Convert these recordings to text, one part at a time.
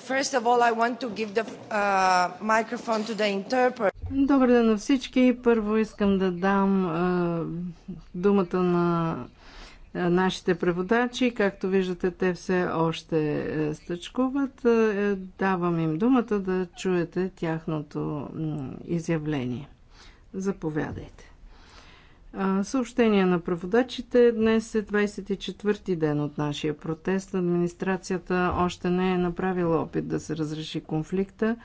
First of all, I want to give the uh, microphone to the interpreter. Добър ден на всички. Първо искам да дам думата на нашите преводачи. Както виждате, те все още е, стъчкуват. Е, давам им думата да чуете тяхното изявление. Заповядайте. Съобщение на преводачите. Днес е 24-ти ден от нашия протест. Администрацията още не е направила опит да се разреши конфликта.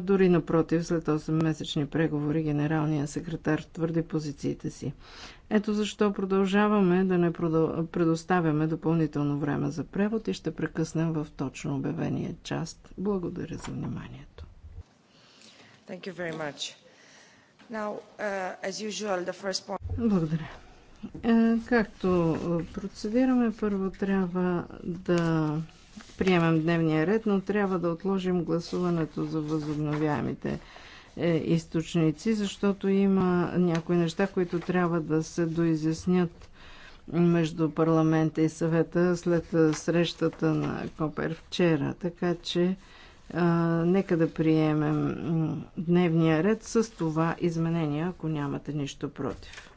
Дори напротив, след 8-месечни преговори, генералният секретар твърди позициите си. Ето защо продължаваме да не предоставяме допълнително време за превод и ще прекъснем в точно обявения част. Благодаря за вниманието. Thank you very much. Now, uh, as usual, the first point благодаря. Е, както процедираме, първо трябва да приемем дневния ред, но трябва да отложим гласуването за възобновяемите е, източници, защото има някои неща, които трябва да се доизяснят между парламента и съвета след е, срещата на Копер вчера. Така че а, нека да приемем дневния ред с това изменение, ако нямате нищо против.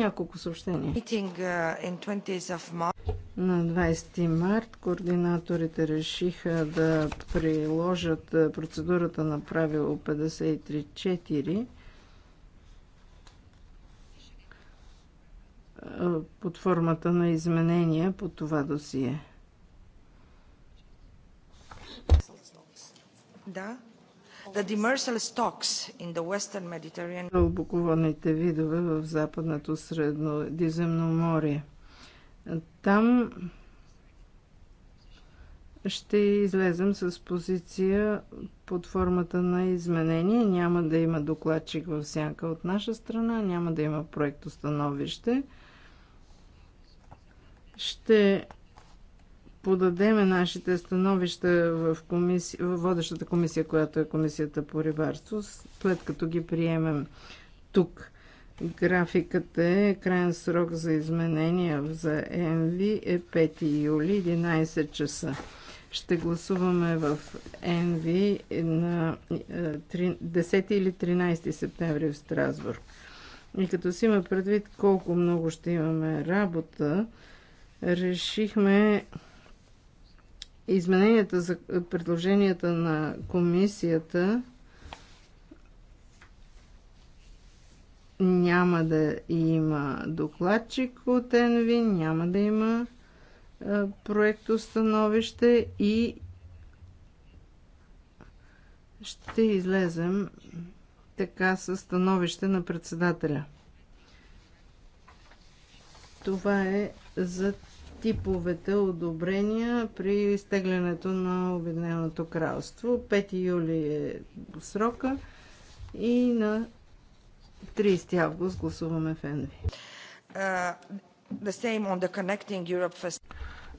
Няколко съобщения. Uh, на 20 март координаторите решиха да приложат uh, процедурата на правило 53.4 uh, под формата на изменения по това досие. Да. The demersal stocks in the western Mediterranean... видове в западното море. Там ще излезем с позиция под формата на изменение. Няма да има докладчик в сянка от наша страна, няма да има проектостановище. Ще подадеме нашите становища в, комисия, в водещата комисия, която е комисията по рибарство, след като ги приемем тук. Графикът е крайен срок за изменения за ЕНВИ е 5 юли 11 часа. Ще гласуваме в ЕНВИ на 10 е, или 13 септември в Страсбург. И като си има предвид колко много ще имаме работа, решихме измененията за предложенията на комисията няма да има докладчик от ЕНВИ, няма да има проекто становище и ще излезем така със становище на председателя. Това е за типовете одобрения при изтеглянето на Обединеното кралство. 5 юли е срока и на 30 август гласуваме в ЕНВИ. Uh,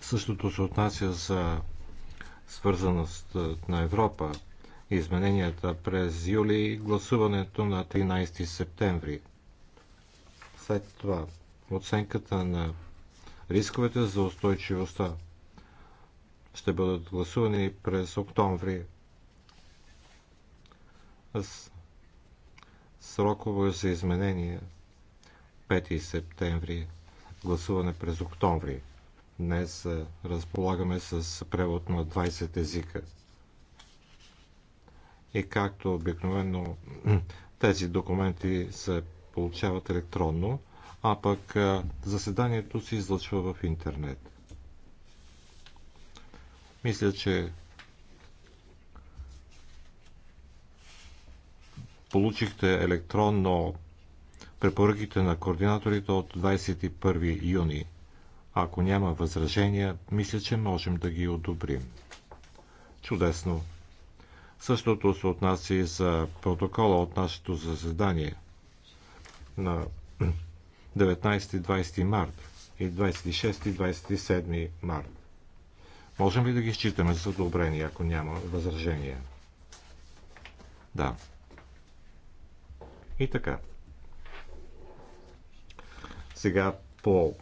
Същото се отнася за свързаност е, на Европа. Измененията през юли и гласуването на 13 септември. След това оценката на рисковете за устойчивостта. Ще бъдат гласувани през октомври. С срокове за изменение 5 септември, гласуване през октомври. Днес разполагаме с превод на 20 езика. И както обикновено тези документи се получават електронно, а пък заседанието се излъчва в интернет. Мисля, че получихте електронно препоръките на координаторите от 21 юни. Ако няма възражения, мисля, че можем да ги одобрим. Чудесно! Същото се отнася и за протокола от нашето заседание на 19 и 20 март и 26 и 27 март. Можем ли да ги считаме за одобрени, ако няма възражения? Да. И така. Сега по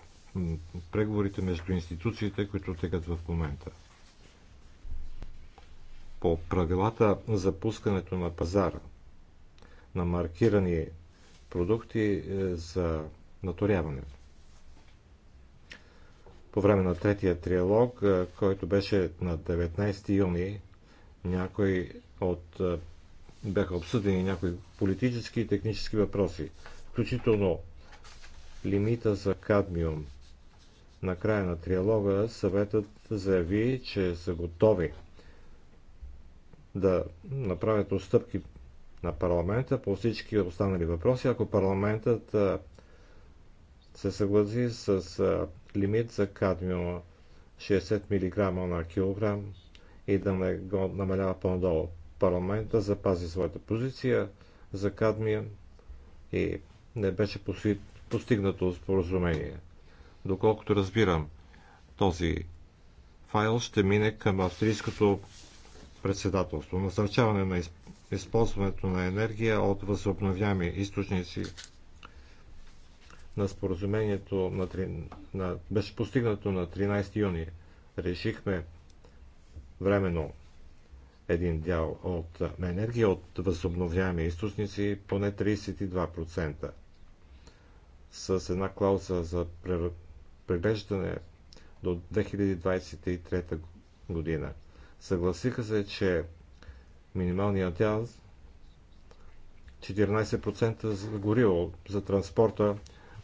преговорите между институциите, които тегат в момента. По правилата за пускането на пазара на маркирани продукти е, за наторяването. По време на третия триалог, който беше на 19 юни, някои от, бяха обсъдени някои политически и технически въпроси, включително лимита за кадмиум. На края на триалога съветът заяви, че са готови да направят отстъпки на парламента по всички останали въпроси, ако парламентът се съгласи с лимит за кадмиума 60 мг на килограм и да не го намалява по-надолу. Парламента запази своята позиция за кадмия и не беше постигнато споразумение. Доколкото разбирам, този файл ще мине към австрийското председателство. Насърчаване на използването на енергия от възобновяеми източници на споразумението на, на, беше постигнато на 13 юни. Решихме временно един дял от енергия от възобновяеми източници поне 32%. С една клауза за преглеждане до 2023 година. Съгласиха се, че минималният дял 14% за гориво за транспорта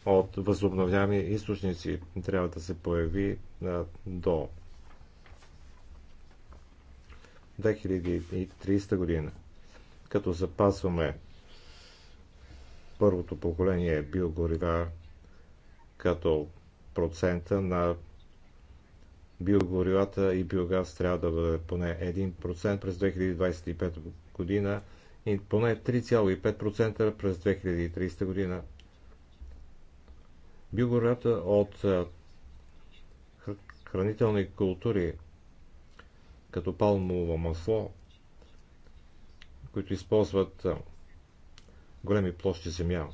от възобновяеми източници трябва да се появи до 2030 година. Като запазваме първото поколение биогорива като процента на биогоривата и биогаз трябва да бъде поне 1% през 2025 година и поне 3,5% през 2030 година биогората от хранителни култури, като палмово масло, които използват големи площи земя,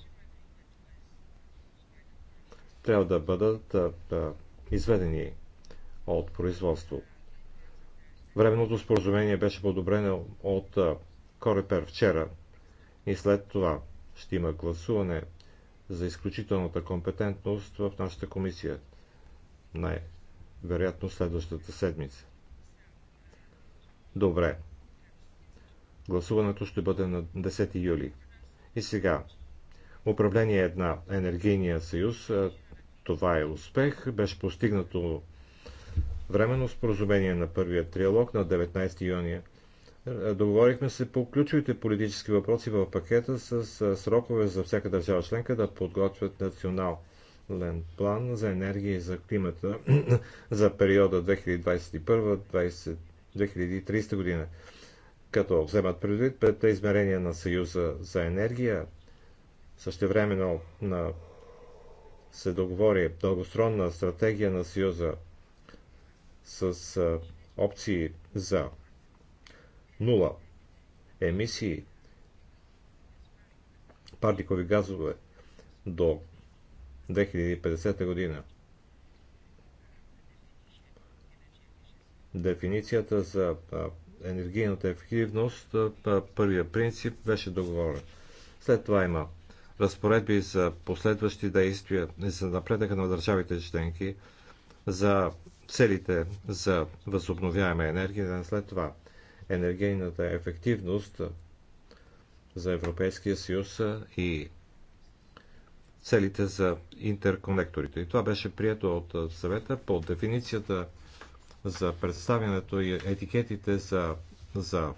трябва да бъдат изведени от производство. Временното споразумение беше подобрено от Корепер вчера и след това ще има гласуване за изключителната компетентност в нашата комисия. Най-вероятно следващата седмица. Добре. Гласуването ще бъде на 10 юли. И сега. Управление на енергийния съюз. Това е успех. Беше постигнато временно споразумение на първия триалог на 19 юни Договорихме се по ключовите политически въпроси в пакета с срокове за всяка държава членка да подготвят национален план за енергия и за климата за периода 2021-2030 година, като вземат предвид петте измерения на Съюза за енергия. Същевременно на се договори дългостронна стратегия на Съюза с опции за нула емисии парникови газове до 2050 година. Дефиницията за енергийната ефективност, първия принцип беше договорен. След това има разпоредби за последващи действия за напредъка на държавите членки за целите за възобновяема енергия, след това енергийната ефективност за Европейския съюз и целите за интерконекторите. И това беше прието от съвета по дефиницията за представянето и етикетите за, за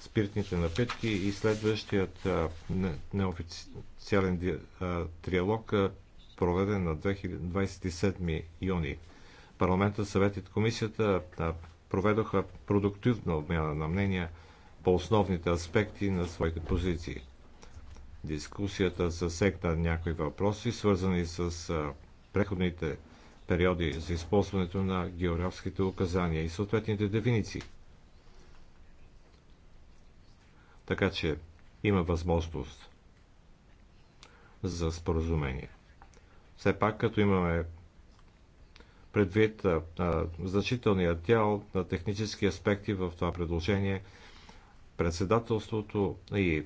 спиртните напитки и следващият неофициален триалог, проведен на 27 юни. Парламента, съветът, комисията проведоха продуктивна обмяна на мнения по основните аспекти на своите позиции. Дискусията засегна някои въпроси, свързани с преходните периоди за използването на географските указания и съответните дефиниции. Така че има възможност за споразумение. Все пак, като имаме предвид значителния дял на технически аспекти в това предложение. Председателството и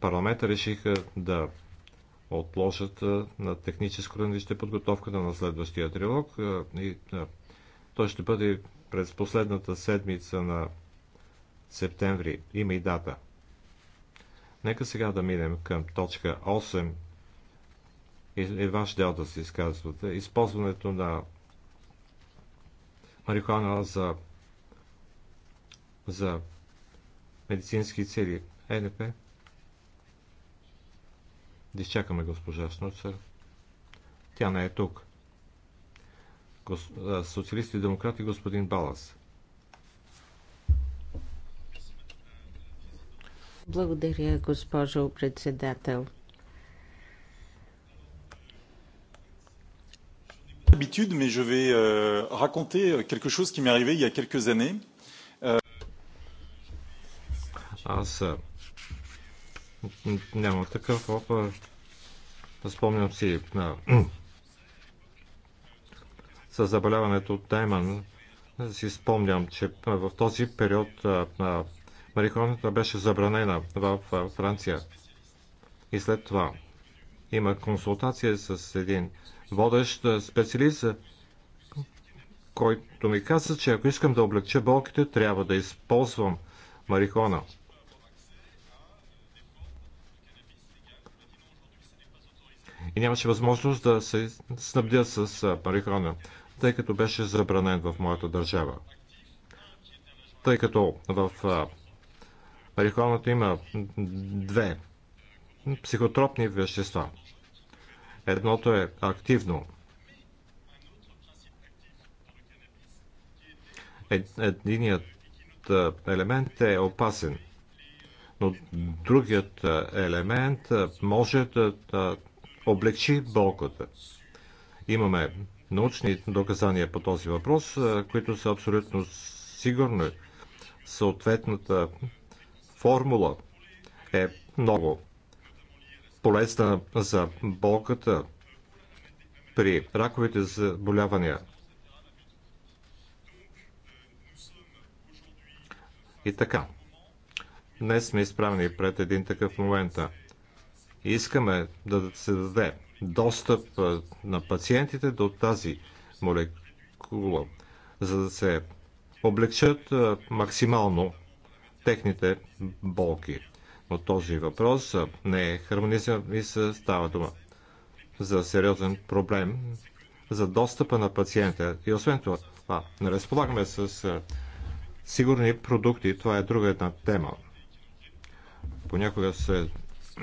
парламента решиха да отложат на техническо равнище подготовката на следващия трилог и той ще бъде през последната седмица на септември. Има и дата. Нека сега да минем към точка 8. и ваш дел да се изказвате. Използването на марихуана за, за медицински цели. Е, НП. Да изчакаме госпожа Шнуцер. Тя не е тук. Гос... Социалисти и демократи господин Балас. Благодаря, госпожо председател. l'habitude, mais je vais euh, raconter euh, quelque chose qui m'est arrivé il y a quelques années. Euh... Аз няма такъв Да Спомням си на... с заболяването от Дайман. Си спомням, че в този период на марихуаната беше забранена в Франция. И след това има консултация с един водещ специалист, който ми каза, че ако искам да облегча болките, трябва да използвам марихуана. И нямаше възможност да се снабдя с марихона, тъй като беше забранен в моята държава. Тъй като в марихуаната има две психотропни вещества – Едното е активно. Единият елемент е опасен, но другият елемент може да облегчи болката. Имаме научни доказания по този въпрос, които са абсолютно сигурни. Съответната формула е много полезна за болката при раковите заболявания. И така, днес сме изправени пред един такъв момент. Искаме да се даде достъп на пациентите до тази молекула, за да се облегчат максимално техните болки по този въпрос. Не е хармонизиран и се става дума за сериозен проблем за достъпа на пациента. И освен това, а, не разполагаме с сигурни продукти. Това е друга една тема. Понякога се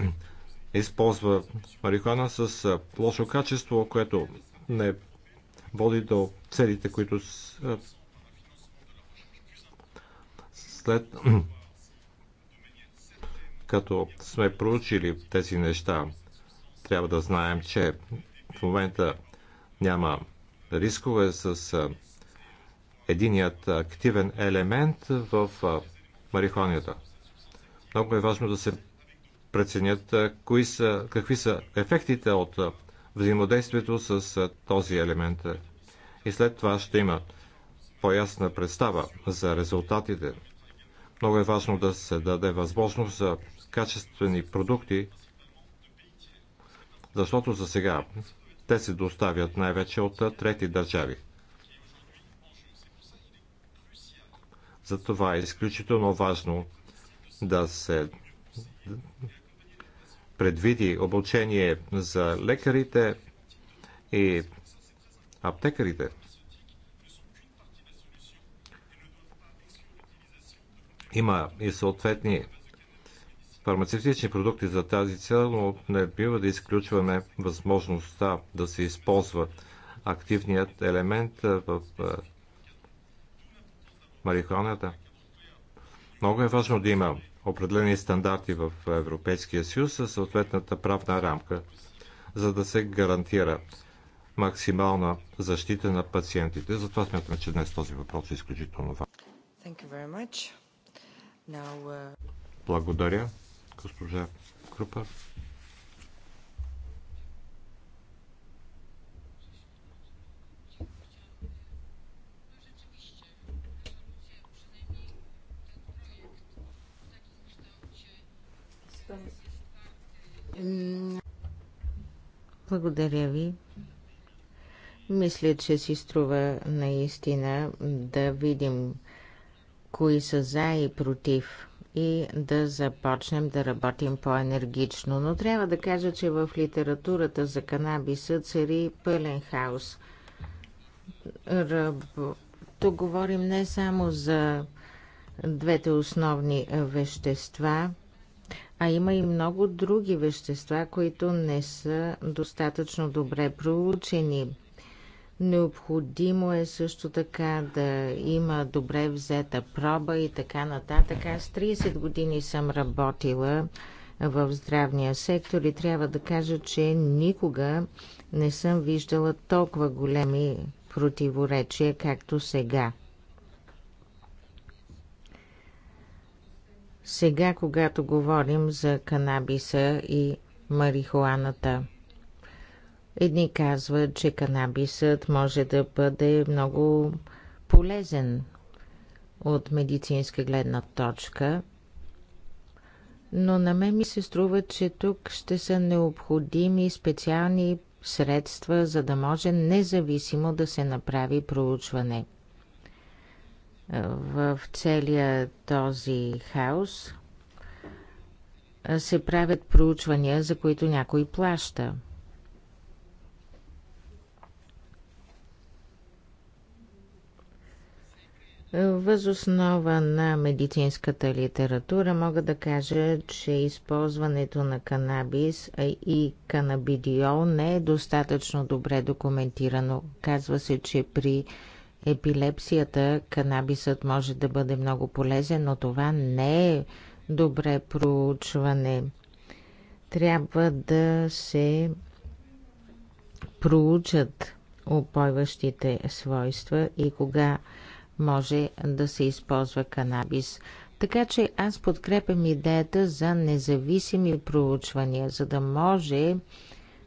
използва марихуана с лошо качество, което не води до целите, които след Като сме проучили тези неща, трябва да знаем, че в момента няма рискове с единият активен елемент в марихуанията. Много е важно да се преценят кои са, какви са ефектите от взаимодействието с този елемент. И след това ще има по-ясна представа за резултатите. Много е важно да се даде възможност за качествени продукти, защото за сега те се доставят най-вече от трети държави. Затова е изключително важно да се предвиди обучение за лекарите и аптекарите. Има и съответни фармацевтични продукти за тази цел, но не бива да изключваме възможността да се използва активният елемент в марихуаната. Много е важно да има определени стандарти в Европейския съюз със съответната правна рамка, за да се гарантира максимална защита на пациентите. Затова смятам, че днес този въпрос е изключително важен. Uh, Благодаря госпожа Крупа. Благодаря ви. Мисля, че си струва наистина да видим кои са за и против и да започнем да работим по-енергично. Но трябва да кажа, че в литературата за канабиса цари пълен хаос. Тук говорим не само за двете основни вещества, а има и много други вещества, които не са достатъчно добре проучени. Необходимо е също така да има добре взета проба и така нататък. Аз 30 години съм работила в здравния сектор и трябва да кажа, че никога не съм виждала толкова големи противоречия, както сега. Сега, когато говорим за канабиса и марихуаната – Едни казват, че канабисът може да бъде много полезен от медицинска гледна точка, но на мен ми се струва, че тук ще са необходими специални средства, за да може независимо да се направи проучване. В целия този хаос се правят проучвания, за които някой плаща – Възоснова на медицинската литература мога да кажа, че използването на канабис и канабидиол не е достатъчно добре документирано. Казва се, че при епилепсията канабисът може да бъде много полезен, но това не е добре проучване. Трябва да се проучат опойващите свойства и кога може да се използва канабис. Така че аз подкрепям идеята за независими проучвания, за да може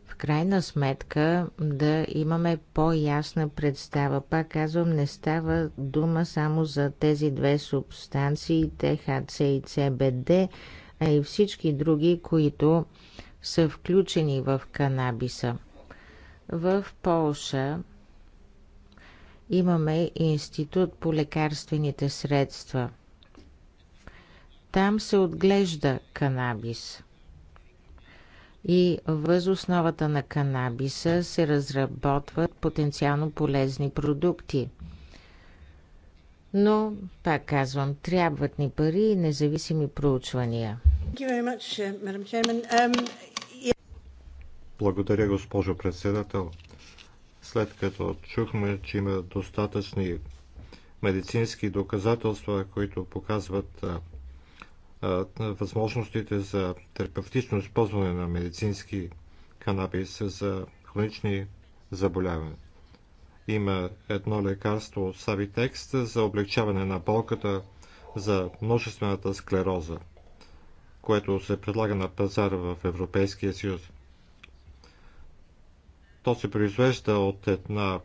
в крайна сметка да имаме по-ясна представа. Пак казвам, не става дума само за тези две субстанции, ТХЦ и ЦБД, а и всички други, които са включени в канабиса. В Полша имаме Институт по лекарствените средства. Там се отглежда канабис. И въз основата на канабиса се разработват потенциално полезни продукти. Но, пак казвам, трябват ни пари и независими проучвания. Um, Благодаря, госпожо председател след като чухме, че има достатъчни медицински доказателства, които показват а, а, възможностите за терапевтично използване на медицински канабис за хронични заболявания. Има едно лекарство Савитекст за облегчаване на болката за множествената склероза, което се предлага на пазара в Европейския съюз. То се произвежда от една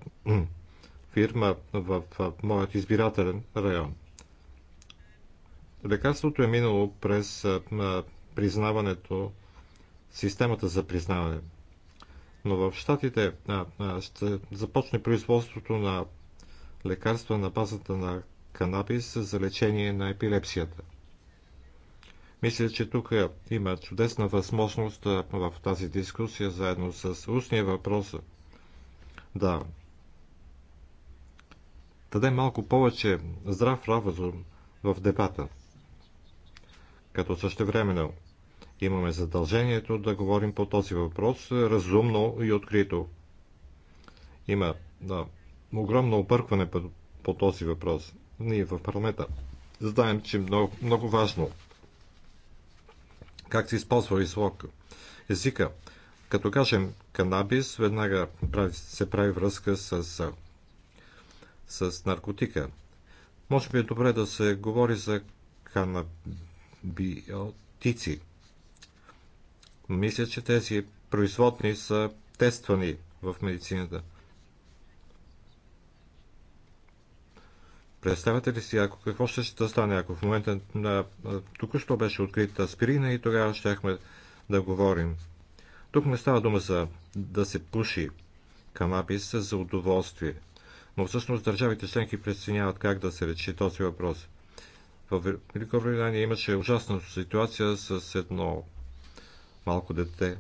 фирма в моят избирателен район. Лекарството е минало през признаването, системата за признаване. Но в Штатите ще започне производството на лекарства на базата на канабис за лечение на епилепсията – мисля, че тук има чудесна възможност в тази дискусия, заедно с устния въпрос, да даде малко повече здрав разум в дебата. Като същевременно имаме задължението да говорим по този въпрос разумно и открито. Има да, огромно объркване по, по този въпрос. Ние в парламента знаем, че е много, много важно как се използва излог езика. Като кажем канабис, веднага прави, се прави връзка с, с наркотика. Може би е добре да се говори за канабиотици. Мисля, че тези производни са тествани в медицината – Представете ли си, ако какво ще, ще стане, ако в момента на току-що беше открита аспирина и тогава щяхме да говорим. Тук не става дума за да се пуши канабис за удоволствие, но всъщност държавите членки преценяват как да се речи този въпрос. В Великобритания имаше ужасна ситуация с едно малко дете,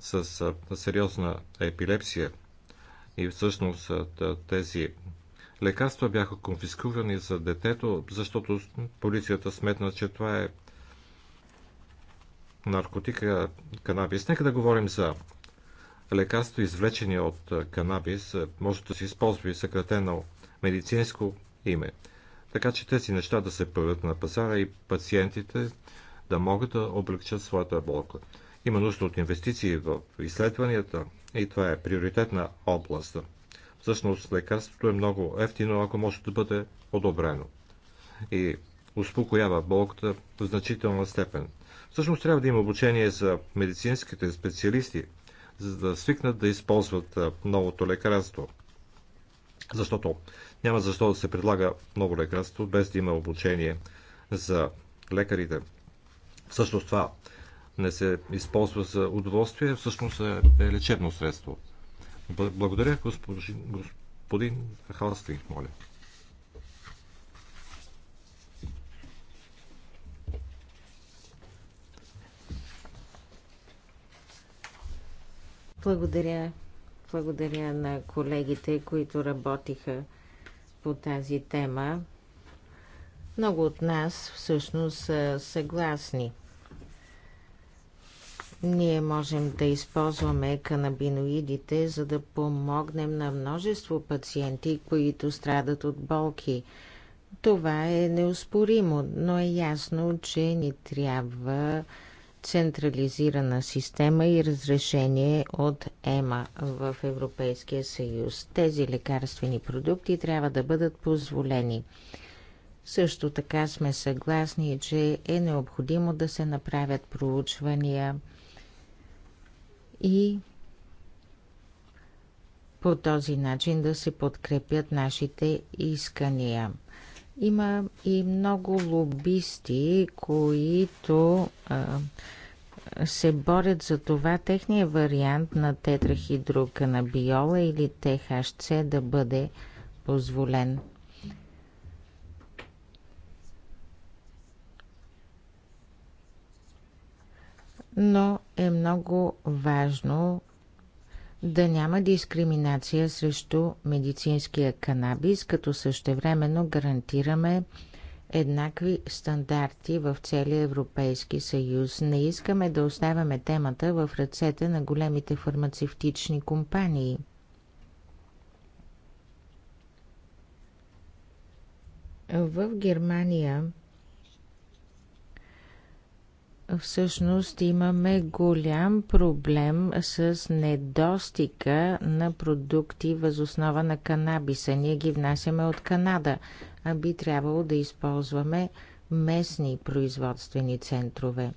с сериозна епилепсия – и всъщност тези лекарства бяха конфискувани за детето, защото полицията сметна, че това е наркотика канабис. Нека да говорим за лекарство, извлечени от канабис. Може да се използва и съкратено медицинско име. Така че тези неща да се появят на пазара и пациентите да могат да облегчат своята болка. Има нужда от инвестиции в изследванията, и това е приоритетна област. Всъщност лекарството е много ефтино, ако може да бъде одобрено. И успокоява болката в значителна степен. Всъщност трябва да има обучение за медицинските специалисти, за да свикнат да използват новото лекарство. Защото няма защо да се предлага ново лекарство без да има обучение за лекарите. Всъщност това не се използва за удоволствие, всъщност е, е лечебно средство. Благодаря, господин, господин Халстинг, моля. Благодаря. Благодаря на колегите, които работиха по тази тема. Много от нас всъщност са съгласни ние можем да използваме канабиноидите, за да помогнем на множество пациенти, които страдат от болки. Това е неоспоримо, но е ясно, че ни трябва централизирана система и разрешение от ЕМА в Европейския съюз. Тези лекарствени продукти трябва да бъдат позволени. Също така сме съгласни, че е необходимо да се направят проучвания – и по този начин да се подкрепят нашите искания. Има и много лобисти, които а, се борят за това техния вариант на тетрахидроканабиола или ТХЦ да бъде позволен. но е много важно да няма дискриминация срещу медицинския канабис, като същевременно гарантираме еднакви стандарти в целия Европейски съюз. Не искаме да оставяме темата в ръцете на големите фармацевтични компании. В Германия всъщност имаме голям проблем с недостига на продукти възоснова на канабиса. Ние ги внасяме от Канада, а би трябвало да използваме местни производствени центрове.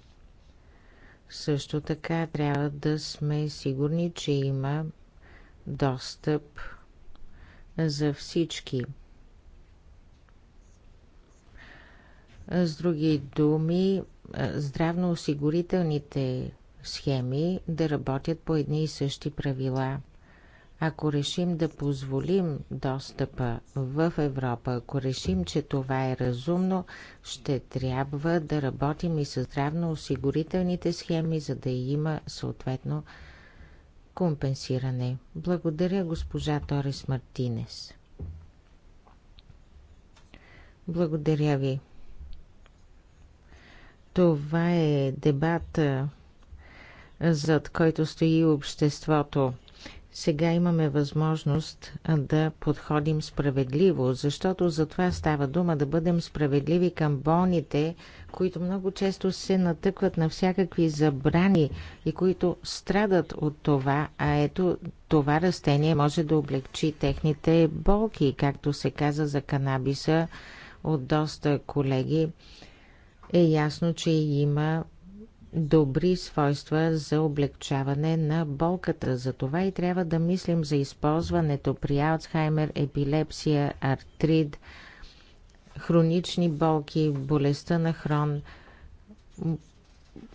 Също така трябва да сме сигурни, че има достъп за всички. С други думи, е, здравноосигурителните схеми да работят по едни и същи правила. Ако решим да позволим достъпа в Европа, ако решим, че това е разумно, ще трябва да работим и с здравноосигурителните схеми, за да има съответно компенсиране. Благодаря госпожа Торес Мартинес. Благодаря ви. Това е дебат, зад който стои обществото. Сега имаме възможност да подходим справедливо, защото за това става дума да бъдем справедливи към болните, които много често се натъкват на всякакви забрани и които страдат от това, а ето това растение може да облегчи техните болки, както се каза за канабиса от доста колеги е ясно, че има добри свойства за облегчаване на болката. Затова и трябва да мислим за използването при Алцхаймер, епилепсия, артрит, хронични болки, болестта на хрон,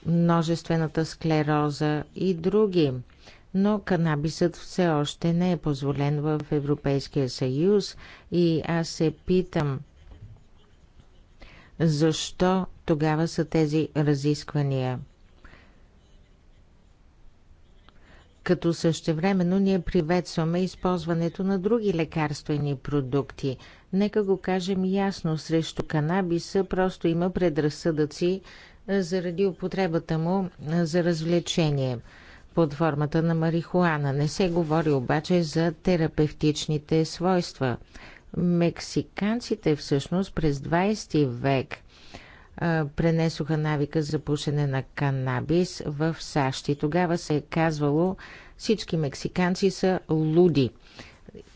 множествената склероза и други. Но канабисът все още не е позволен в Европейския съюз и аз се питам защо тогава са тези разисквания. Като същевременно ние приветстваме използването на други лекарствени продукти. Нека го кажем ясно, срещу канабиса просто има предразсъдъци заради употребата му за развлечение под формата на марихуана. Не се говори обаче за терапевтичните свойства. Мексиканците всъщност през 20 век пренесоха навика за пушене на канабис в САЩ. И тогава се е казвало, всички мексиканци са луди.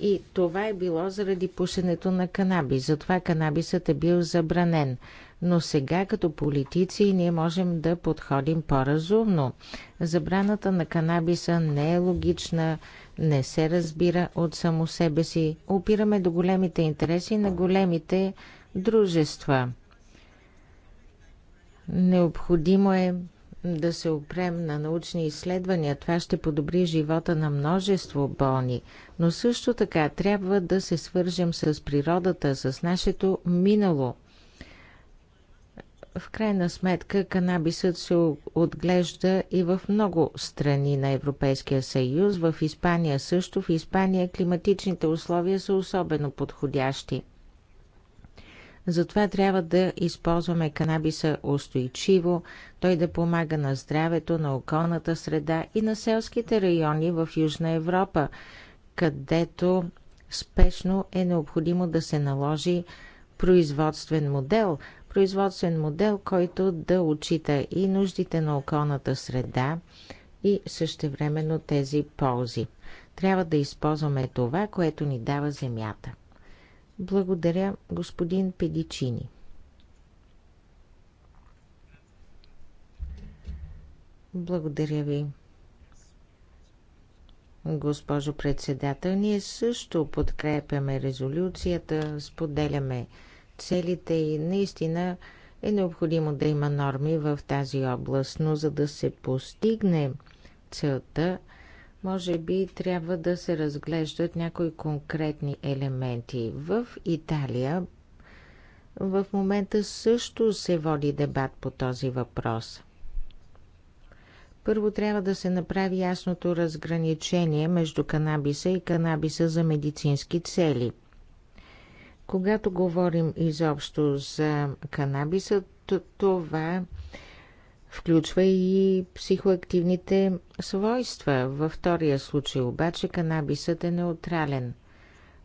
И това е било заради пушенето на канабис. Затова канабисът е бил забранен. Но сега като политици ние можем да подходим по-разумно. Забраната на канабиса не е логична, не се разбира от само себе си. Опираме до големите интереси на големите дружества. Необходимо е да се опрем на научни изследвания. Това ще подобри живота на множество болни, но също така трябва да се свържем с природата, с нашето минало. В крайна сметка канабисът се отглежда и в много страни на Европейския съюз, в Испания също. В Испания климатичните условия са особено подходящи – затова трябва да използваме канабиса устойчиво, той да помага на здравето, на околната среда и на селските райони в Южна Европа, където спешно е необходимо да се наложи производствен модел, производствен модел, който да отчита и нуждите на околната среда и същевременно тези ползи. Трябва да използваме това, което ни дава земята. Благодаря, господин Педичини. Благодаря ви. Госпожо председател, ние също подкрепяме резолюцията, споделяме целите и наистина е необходимо да има норми в тази област, но за да се постигне целта, може би трябва да се разглеждат някои конкретни елементи. В Италия в момента също се води дебат по този въпрос. Първо трябва да се направи ясното разграничение между канабиса и канабиса за медицински цели. Когато говорим изобщо за канабиса, това е Включва и психоактивните свойства. Във втория случай обаче канабисът е неутрален.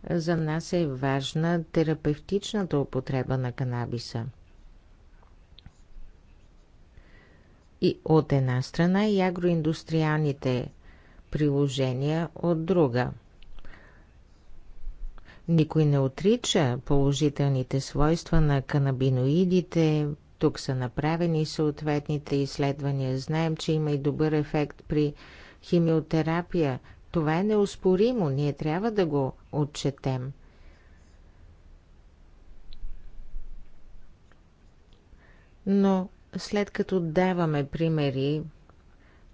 За нас е важна терапевтичната употреба на канабиса. И от една страна и агроиндустриалните приложения от друга – никой не отрича положителните свойства на канабиноидите, тук са направени съответните изследвания. Знаем, че има и добър ефект при химиотерапия. Това е неоспоримо. Ние трябва да го отчетем. Но след като даваме примери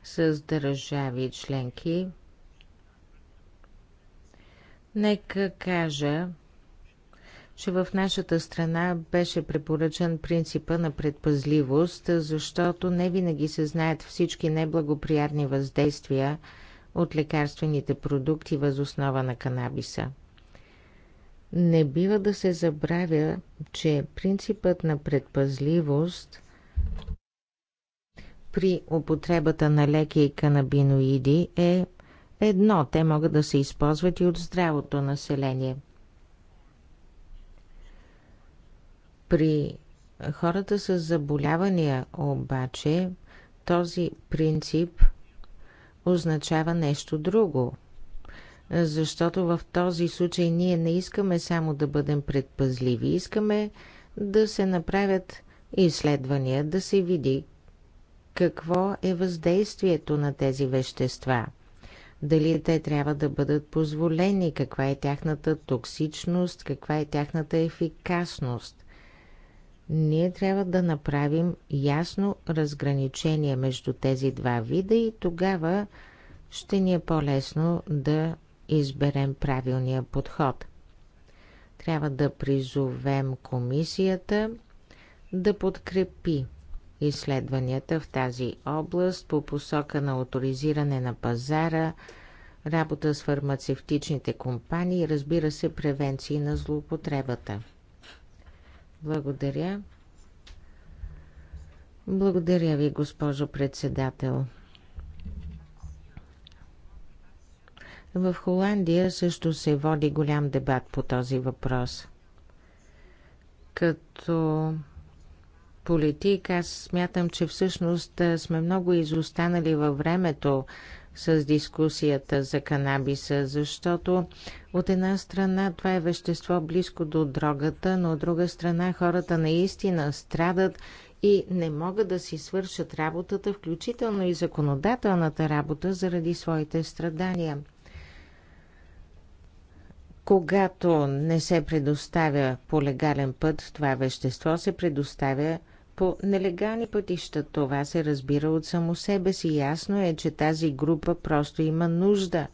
с държави членки, нека кажа, че в нашата страна беше препоръчан принципа на предпазливост, защото не винаги се знаят всички неблагоприятни въздействия от лекарствените продукти въз основа на канабиса. Не бива да се забравя, че принципът на предпазливост при употребата на леки канабиноиди е едно. Те могат да се използват и от здравото население – При хората с заболявания обаче този принцип означава нещо друго. Защото в този случай ние не искаме само да бъдем предпазливи, искаме да се направят изследвания, да се види какво е въздействието на тези вещества. Дали те трябва да бъдат позволени, каква е тяхната токсичност, каква е тяхната ефикасност ние трябва да направим ясно разграничение между тези два вида и тогава ще ни е по-лесно да изберем правилния подход. Трябва да призовем комисията да подкрепи изследванията в тази област по посока на авторизиране на пазара, работа с фармацевтичните компании и разбира се превенции на злоупотребата. Благодаря. Благодаря ви, госпожо председател. В Холандия също се води голям дебат по този въпрос. Като политик аз смятам, че всъщност сме много изостанали във времето с дискусията за канабиса, защото от една страна това е вещество близко до дрогата, но от друга страна хората наистина страдат и не могат да си свършат работата, включително и законодателната работа, заради своите страдания. Когато не се предоставя по легален път това вещество, се предоставя по нелегални пътища. Това се разбира от само себе си. Ясно е, че тази група просто има нужда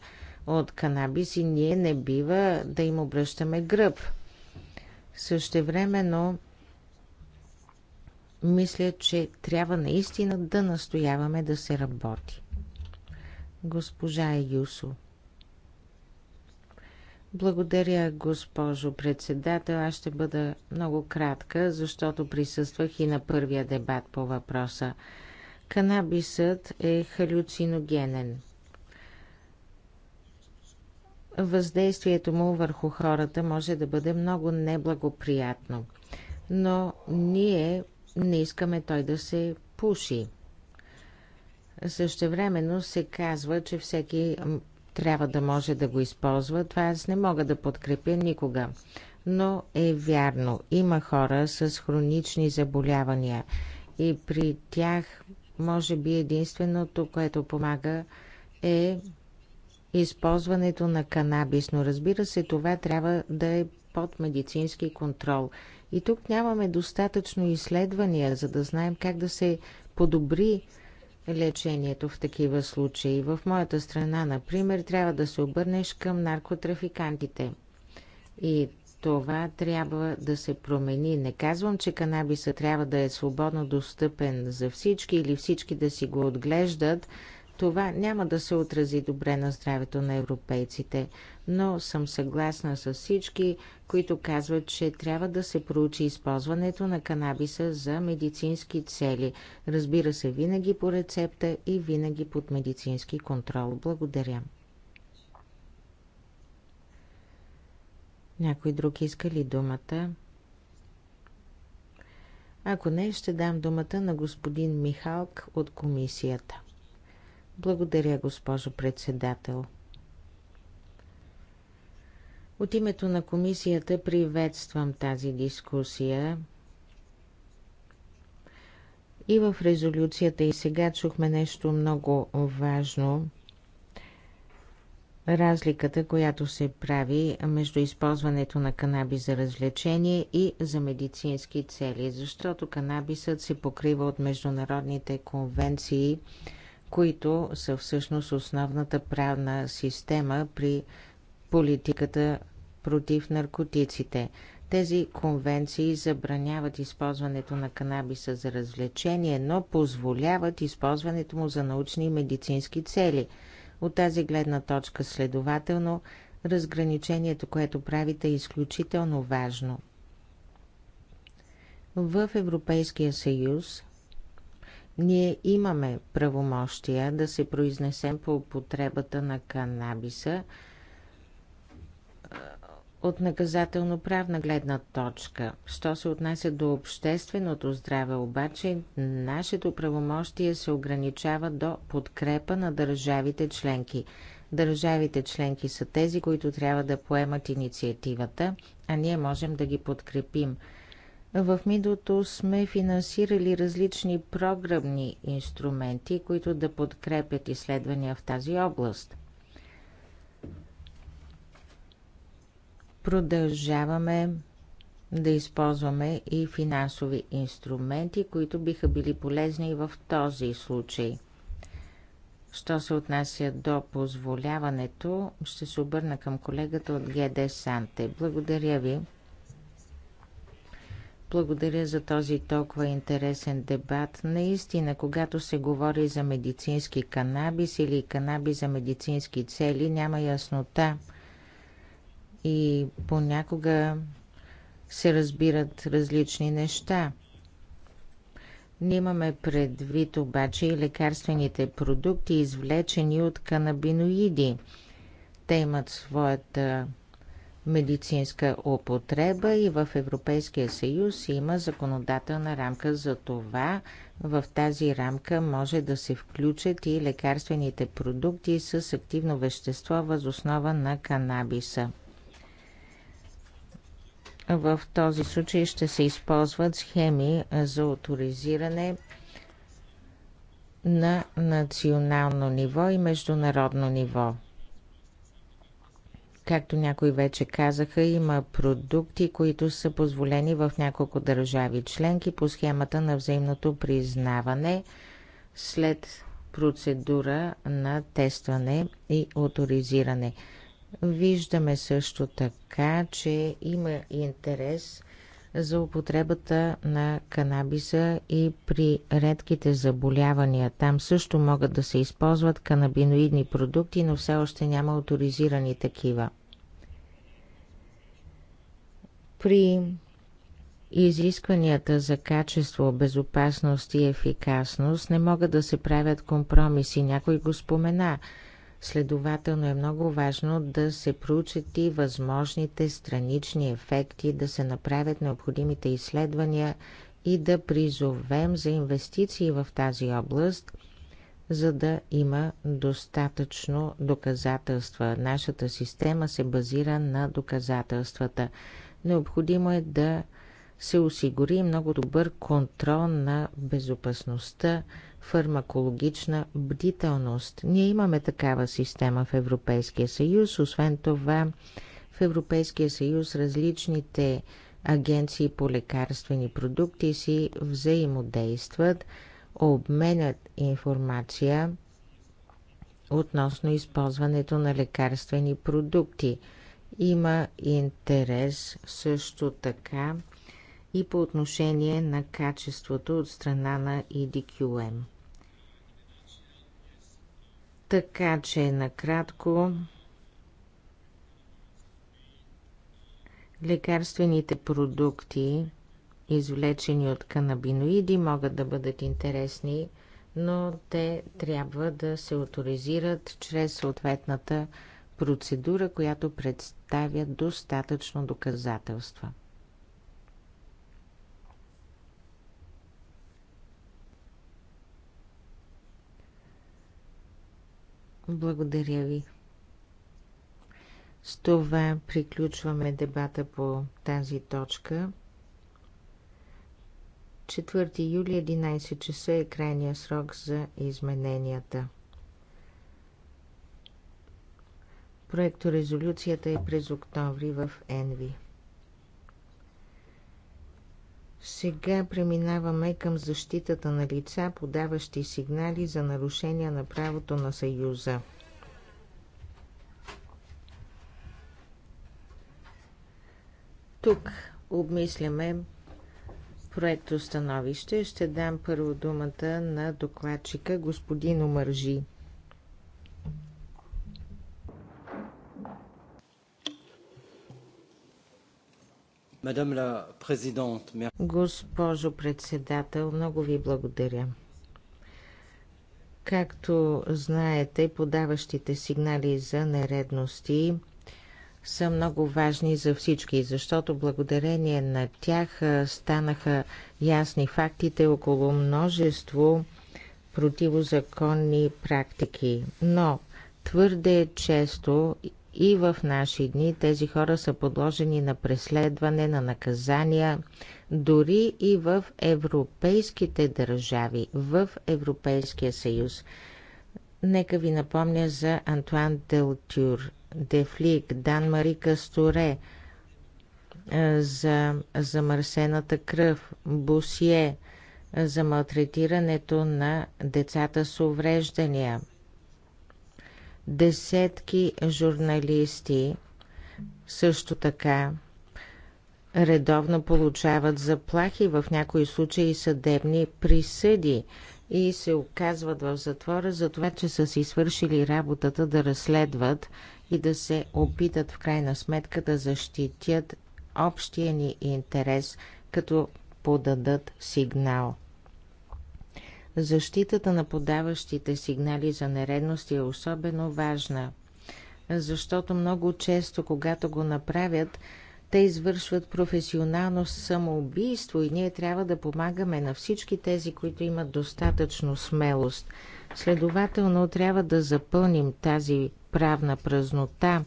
от канабис и ние не бива да им обръщаме гръб. Същевременно, мисля, че трябва наистина да настояваме да се работи. Госпожа Юсо. Благодаря, госпожо председател. Аз ще бъда много кратка, защото присъствах и на първия дебат по въпроса. Канабисът е халюциногенен. Въздействието му върху хората може да бъде много неблагоприятно, но ние не искаме той да се пуши. Същевременно се казва, че всеки трябва да може да го използва. Това аз не мога да подкрепя никога. Но е вярно, има хора с хронични заболявания и при тях може би единственото, което помага е използването на канабис, но разбира се, това трябва да е под медицински контрол. И тук нямаме достатъчно изследвания, за да знаем как да се подобри лечението в такива случаи. В моята страна, например, трябва да се обърнеш към наркотрафикантите. И това трябва да се промени. Не казвам, че канабиса трябва да е свободно достъпен за всички или всички да си го отглеждат, това няма да се отрази добре на здравето на европейците, но съм съгласна с всички, които казват, че трябва да се проучи използването на канабиса за медицински цели. Разбира се, винаги по рецепта и винаги под медицински контрол. Благодаря. Някой друг иска ли думата? Ако не, ще дам думата на господин Михалк от комисията. Благодаря, госпожо председател. От името на комисията приветствам тази дискусия. И в резолюцията и сега чухме нещо много важно. Разликата, която се прави между използването на канаби за развлечение и за медицински цели, защото канабисът се покрива от международните конвенции – които са всъщност основната правна система при политиката против наркотиците. Тези конвенции забраняват използването на канабиса за развлечение, но позволяват използването му за научни и медицински цели. От тази гледна точка, следователно, разграничението, което правите, е изключително важно. В Европейския съюз ние имаме правомощия да се произнесем по употребата на канабиса от наказателно-правна гледна точка. Що се отнася до общественото здраве, обаче, нашето правомощие се ограничава до подкрепа на държавите членки. Държавите членки са тези, които трябва да поемат инициативата, а ние можем да ги подкрепим – в Мидото сме финансирали различни програмни инструменти, които да подкрепят изследвания в тази област. Продължаваме да използваме и финансови инструменти, които биха били полезни и в този случай. Що се отнася до позволяването, ще се обърна към колегата от ГД Санте. Благодаря ви. Благодаря за този толкова интересен дебат. Наистина, когато се говори за медицински канабис или канабис за медицински цели, няма яснота. И понякога се разбират различни неща. Ние имаме предвид обаче и лекарствените продукти, извлечени от канабиноиди. Те имат своята медицинска употреба и в Европейския съюз има законодателна рамка за това. В тази рамка може да се включат и лекарствените продукти с активно вещество възоснова на канабиса. В този случай ще се използват схеми за авторизиране на национално ниво и международно ниво. Както някои вече казаха, има продукти, които са позволени в няколко държави членки по схемата на взаимното признаване след процедура на тестване и авторизиране. Виждаме също така, че има интерес за употребата на канабиса и при редките заболявания. Там също могат да се използват канабиноидни продукти, но все още няма авторизирани такива. При изискванията за качество, безопасност и ефикасност не могат да се правят компромиси. Някой го спомена – Следователно е много важно да се проучат и възможните странични ефекти, да се направят необходимите изследвания и да призовем за инвестиции в тази област, за да има достатъчно доказателства. Нашата система се базира на доказателствата. Необходимо е да се осигури много добър контрол на безопасността фармакологична бдителност. Ние имаме такава система в Европейския съюз. Освен това, в Европейския съюз различните агенции по лекарствени продукти си взаимодействат, обменят информация относно използването на лекарствени продукти. Има интерес също така и по отношение на качеството от страна на EDQM. Така че накратко лекарствените продукти, извлечени от канабиноиди, могат да бъдат интересни, но те трябва да се авторизират чрез съответната процедура, която представя достатъчно доказателства. Благодаря ви. С това приключваме дебата по тази точка. 4 юли 11 часа е крайния срок за измененията. Проекторезолюцията е през октомври в Енви. Сега преминаваме към защитата на лица, подаващи сигнали за нарушения на правото на Съюза. Тук обмисляме проекто становище. Ще дам първо думата на докладчика господин Омържи. Госпожо председател, много ви благодаря. Както знаете, подаващите сигнали за нередности са много важни за всички, защото благодарение на тях станаха ясни фактите около множество противозаконни практики. Но твърде често и в наши дни тези хора са подложени на преследване, на наказания, дори и в европейските държави, в Европейския съюз. Нека ви напомня за Антуан Делтюр, Дефлик, Дан Мари Касторе, е, за замърсената кръв, Бусие, за малтретирането на децата с увреждания – Десетки журналисти също така редовно получават заплахи, в някои случаи съдебни присъди и се оказват в затвора за това, че са си свършили работата да разследват и да се опитат в крайна сметка да защитят общия ни интерес, като подадат сигнал. Защитата на подаващите сигнали за нередности е особено важна, защото много често, когато го направят, те извършват професионално самоубийство и ние трябва да помагаме на всички тези, които имат достатъчно смелост. Следователно, трябва да запълним тази правна празнота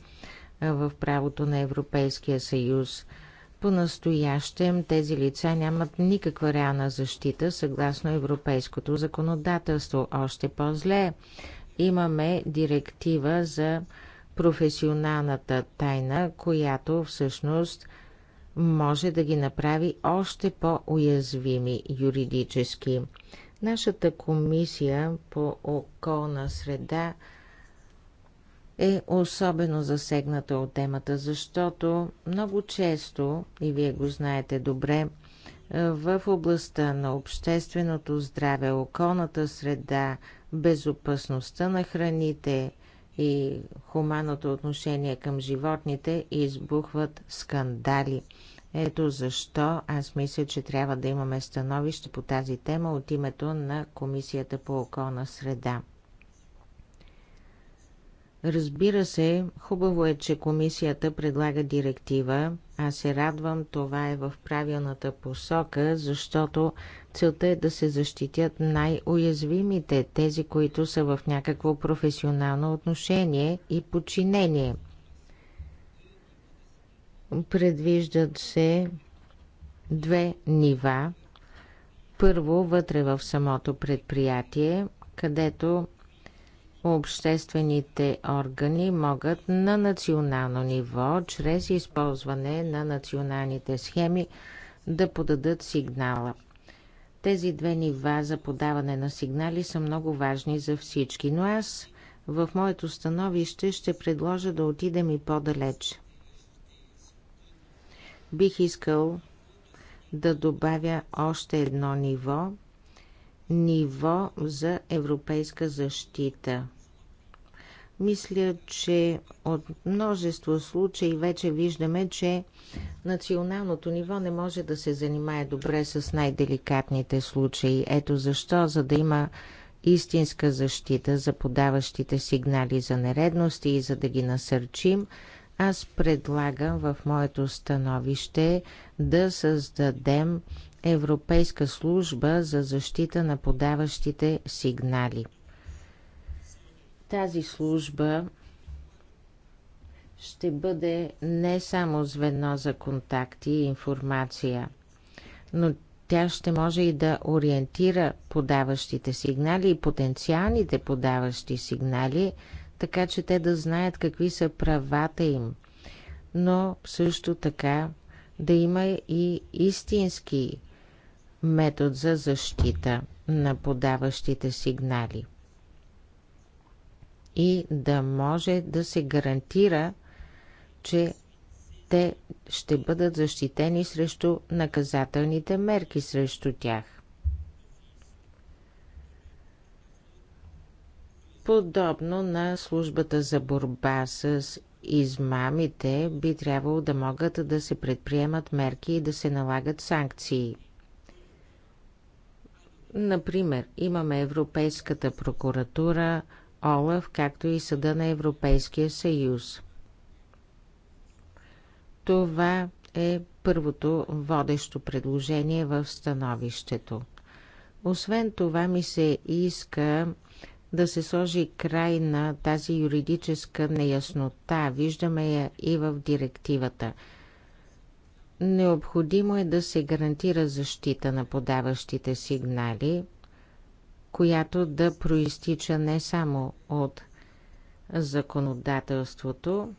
в правото на Европейския съюз – по-настоящем тези лица нямат никаква реална защита съгласно европейското законодателство. Още по-зле имаме директива за професионалната тайна, която всъщност може да ги направи още по-уязвими юридически. Нашата комисия по околна среда е особено засегната от темата, защото много често, и вие го знаете добре, е, в областта на общественото здраве, околната среда, безопасността на храните и хуманото отношение към животните избухват скандали. Ето защо аз мисля, че трябва да имаме становище по тази тема от името на Комисията по околна среда. Разбира се, хубаво е, че комисията предлага директива. Аз се радвам, това е в правилната посока, защото целта е да се защитят най-уязвимите, тези, които са в някакво професионално отношение и подчинение. Предвиждат се две нива. Първо, вътре в самото предприятие, където обществените органи могат на национално ниво, чрез използване на националните схеми, да подадат сигнала. Тези две нива за подаване на сигнали са много важни за всички, но аз в моето становище ще предложа да отидем и по-далеч. Бих искал да добавя още едно ниво – ниво за европейска защита. Мисля, че от множество случаи вече виждаме, че националното ниво не може да се занимае добре с най-деликатните случаи. Ето защо, за да има истинска защита за подаващите сигнали за нередности и за да ги насърчим, аз предлагам в моето становище да създадем Европейска служба за защита на подаващите сигнали. Тази служба ще бъде не само звено за контакти и информация, но тя ще може и да ориентира подаващите сигнали и потенциалните подаващи сигнали, така че те да знаят какви са правата им. Но също така да има и истински метод за защита на подаващите сигнали и да може да се гарантира, че те ще бъдат защитени срещу наказателните мерки срещу тях. Подобно на службата за борба с измамите, би трябвало да могат да се предприемат мерки и да се налагат санкции – Например, имаме Европейската прокуратура, ОЛАФ, както и Съда на Европейския съюз. Това е първото водещо предложение в становището. Освен това ми се иска да се сложи край на тази юридическа неяснота. Виждаме я и в директивата – Необходимо е да се гарантира защита на подаващите сигнали, която да проистича не само от законодателството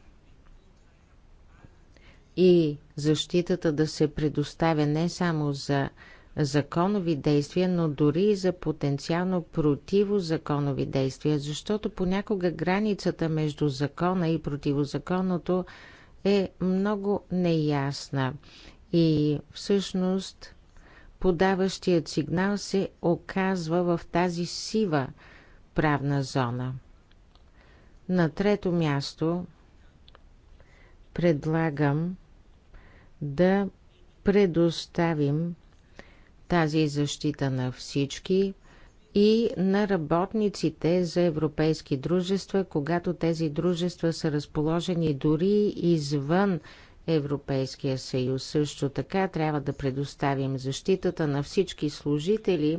и защитата да се предоставя не само за законови действия, но дори и за потенциално противозаконови действия, защото понякога границата между закона и противозаконното е много неясна и всъщност подаващият сигнал се оказва в тази сива правна зона. На трето място предлагам да предоставим тази защита на всички и на работниците за европейски дружества, когато тези дружества са разположени дори извън Европейския съюз. Също така трябва да предоставим защитата на всички служители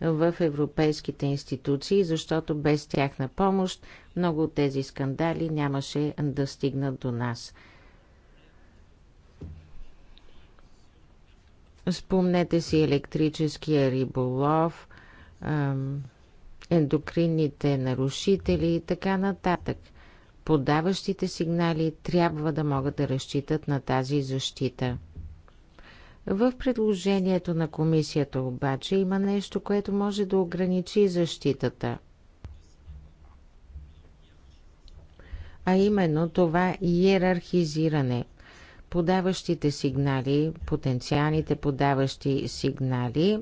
в европейските институции, защото без тяхна помощ много от тези скандали нямаше да стигнат до нас. Спомнете си електрическия риболов, ендокринните нарушители и така нататък. Подаващите сигнали трябва да могат да разчитат на тази защита. В предложението на комисията обаче има нещо, което може да ограничи защитата. А именно това иерархизиране. Подаващите сигнали, потенциалните подаващи сигнали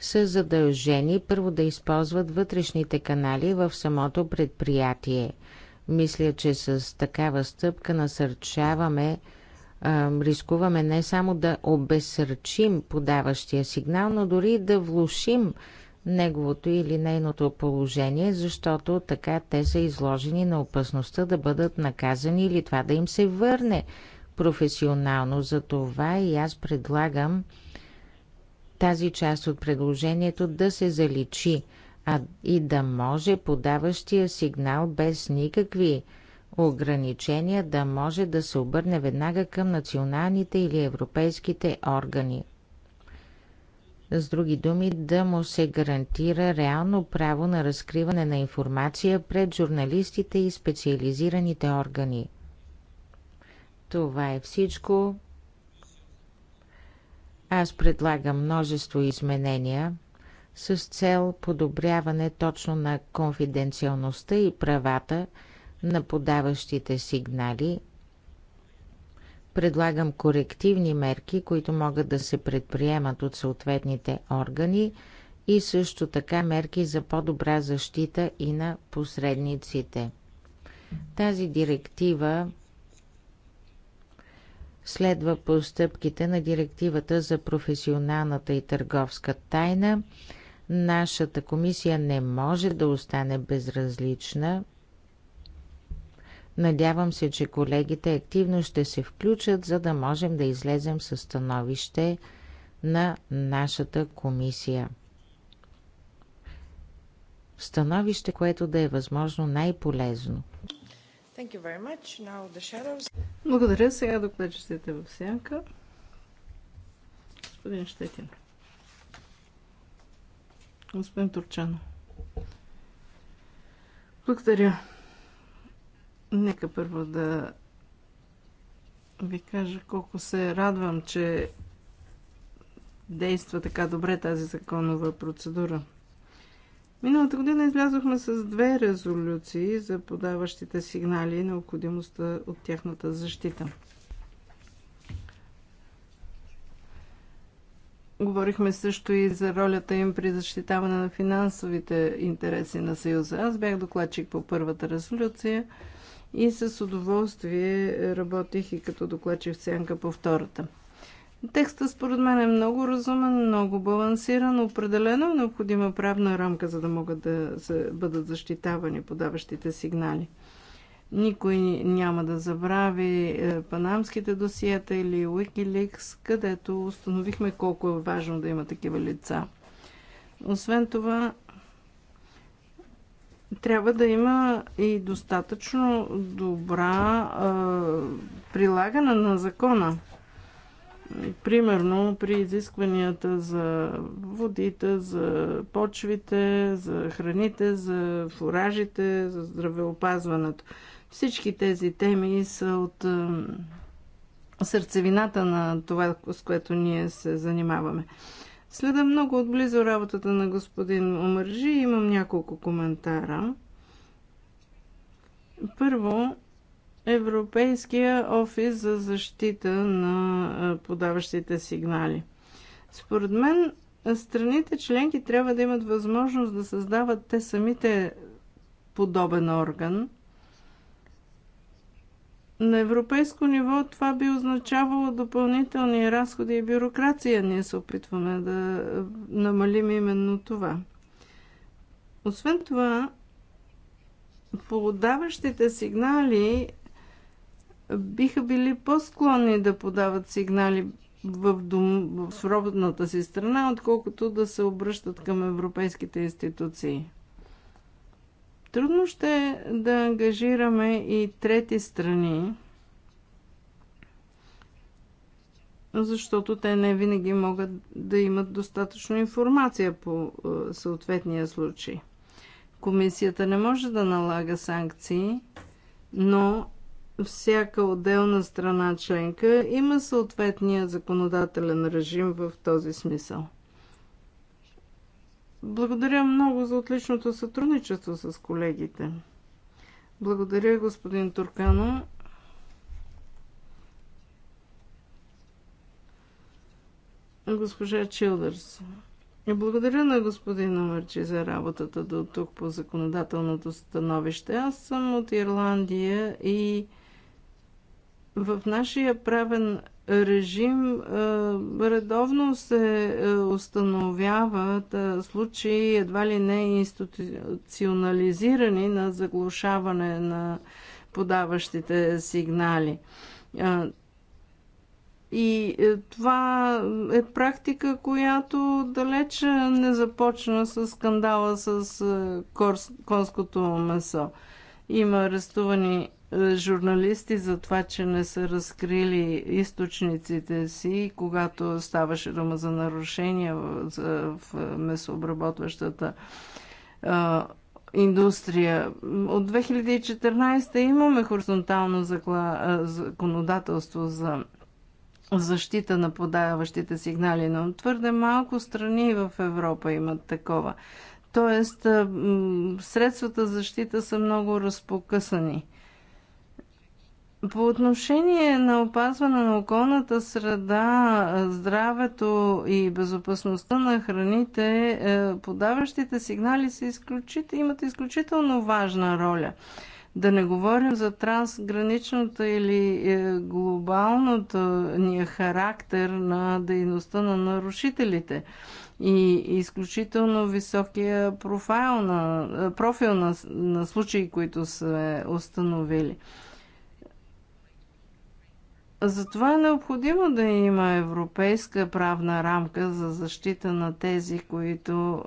са задължени първо да използват вътрешните канали в самото предприятие. Мисля, че с такава стъпка насърчаваме, рискуваме не само да обесърчим подаващия сигнал, но дори да влушим неговото или нейното положение, защото така те са изложени на опасността да бъдат наказани или това да им се върне професионално. За това и аз предлагам тази част от предложението да се заличи а и да може подаващия сигнал без никакви ограничения да може да се обърне веднага към националните или европейските органи. С други думи, да му се гарантира реално право на разкриване на информация пред журналистите и специализираните органи. Това е всичко. Аз предлагам множество изменения с цел подобряване точно на конфиденциалността и правата на подаващите сигнали. Предлагам корективни мерки, които могат да се предприемат от съответните органи и също така мерки за по-добра защита и на посредниците. Тази директива следва постъпките на директивата за професионалната и търговска тайна. Нашата комисия не може да остане безразлична. Надявам се, че колегите активно ще се включат, за да можем да излезем със становище на нашата комисия. Становище, което да е възможно най-полезно. Благодаря. Сега докладчиците в сянка. Господин Щетин. Господин Турчано. Благодаря. Нека първо да ви кажа колко се радвам, че действа така добре тази законова процедура. Миналата година излязохме с две резолюции за подаващите сигнали и необходимостта от тяхната защита. Говорихме също и за ролята им при защитаване на финансовите интереси на Съюза. Аз бях докладчик по първата резолюция и с удоволствие работих и като докладчик в сянка по втората. Текстът според мен е много разумен, много балансиран. Определено е необходима правна рамка, за да могат да се, бъдат защитавани подаващите сигнали. Никой няма да забрави е, панамските досиета или Wikileaks, където установихме колко е важно да има такива лица. Освен това, трябва да има и достатъчно добра е, прилагане на закона. Примерно при изискванията за водите, за почвите, за храните, за фуражите, за здравеопазването. Всички тези теми са от сърцевината на това, с което ние се занимаваме. Следа много отблизо работата на господин Омържи. Имам няколко коментара. Първо, Европейския офис за защита на подаващите сигнали. Според мен, страните членки трябва да имат възможност да създават те самите подобен орган. На европейско ниво това би означавало допълнителни разходи и бюрокрация. Ние се опитваме да намалим именно това. Освен това, подаващите сигнали биха били по-склонни да подават сигнали в, дом, в родната си страна, отколкото да се обръщат към европейските институции. Трудно ще е да ангажираме и трети страни, защото те не винаги могат да имат достатъчно информация по е, съответния случай. Комисията не може да налага санкции, но всяка отделна страна членка има съответния законодателен режим в този смисъл. Благодаря много за отличното сътрудничество с колегите. Благодаря, господин Туркано. Госпожа Чилдърс. Благодаря на господин Номерчи за работата до тук по законодателното становище. Аз съм от Ирландия и в нашия правен режим е, редовно се е, установяват е, случаи едва ли не институционализирани на заглушаване на подаващите сигнали. И това е практика, която далече не започна с скандала с конското месо. Има арестувани е, журналисти за това, че не са разкрили източниците си, когато ставаше дума за нарушения в месообработващата е, индустрия. От 2014 имаме хоризонтално е, законодателство за защита на подаващите сигнали, но твърде малко страни в Европа имат такова. Тоест, средствата за защита са много разпокъсани. По отношение на опазване на околната среда, здравето и безопасността на храните, е, подаващите сигнали са изключит... имат изключително важна роля. Да не говорим за трансграничната или е, глобалната ни характер на дейността на нарушителите и изключително високия профил на, е, профил на, на случаи, които са установили. Затова е необходимо да има европейска правна рамка за защита на тези, които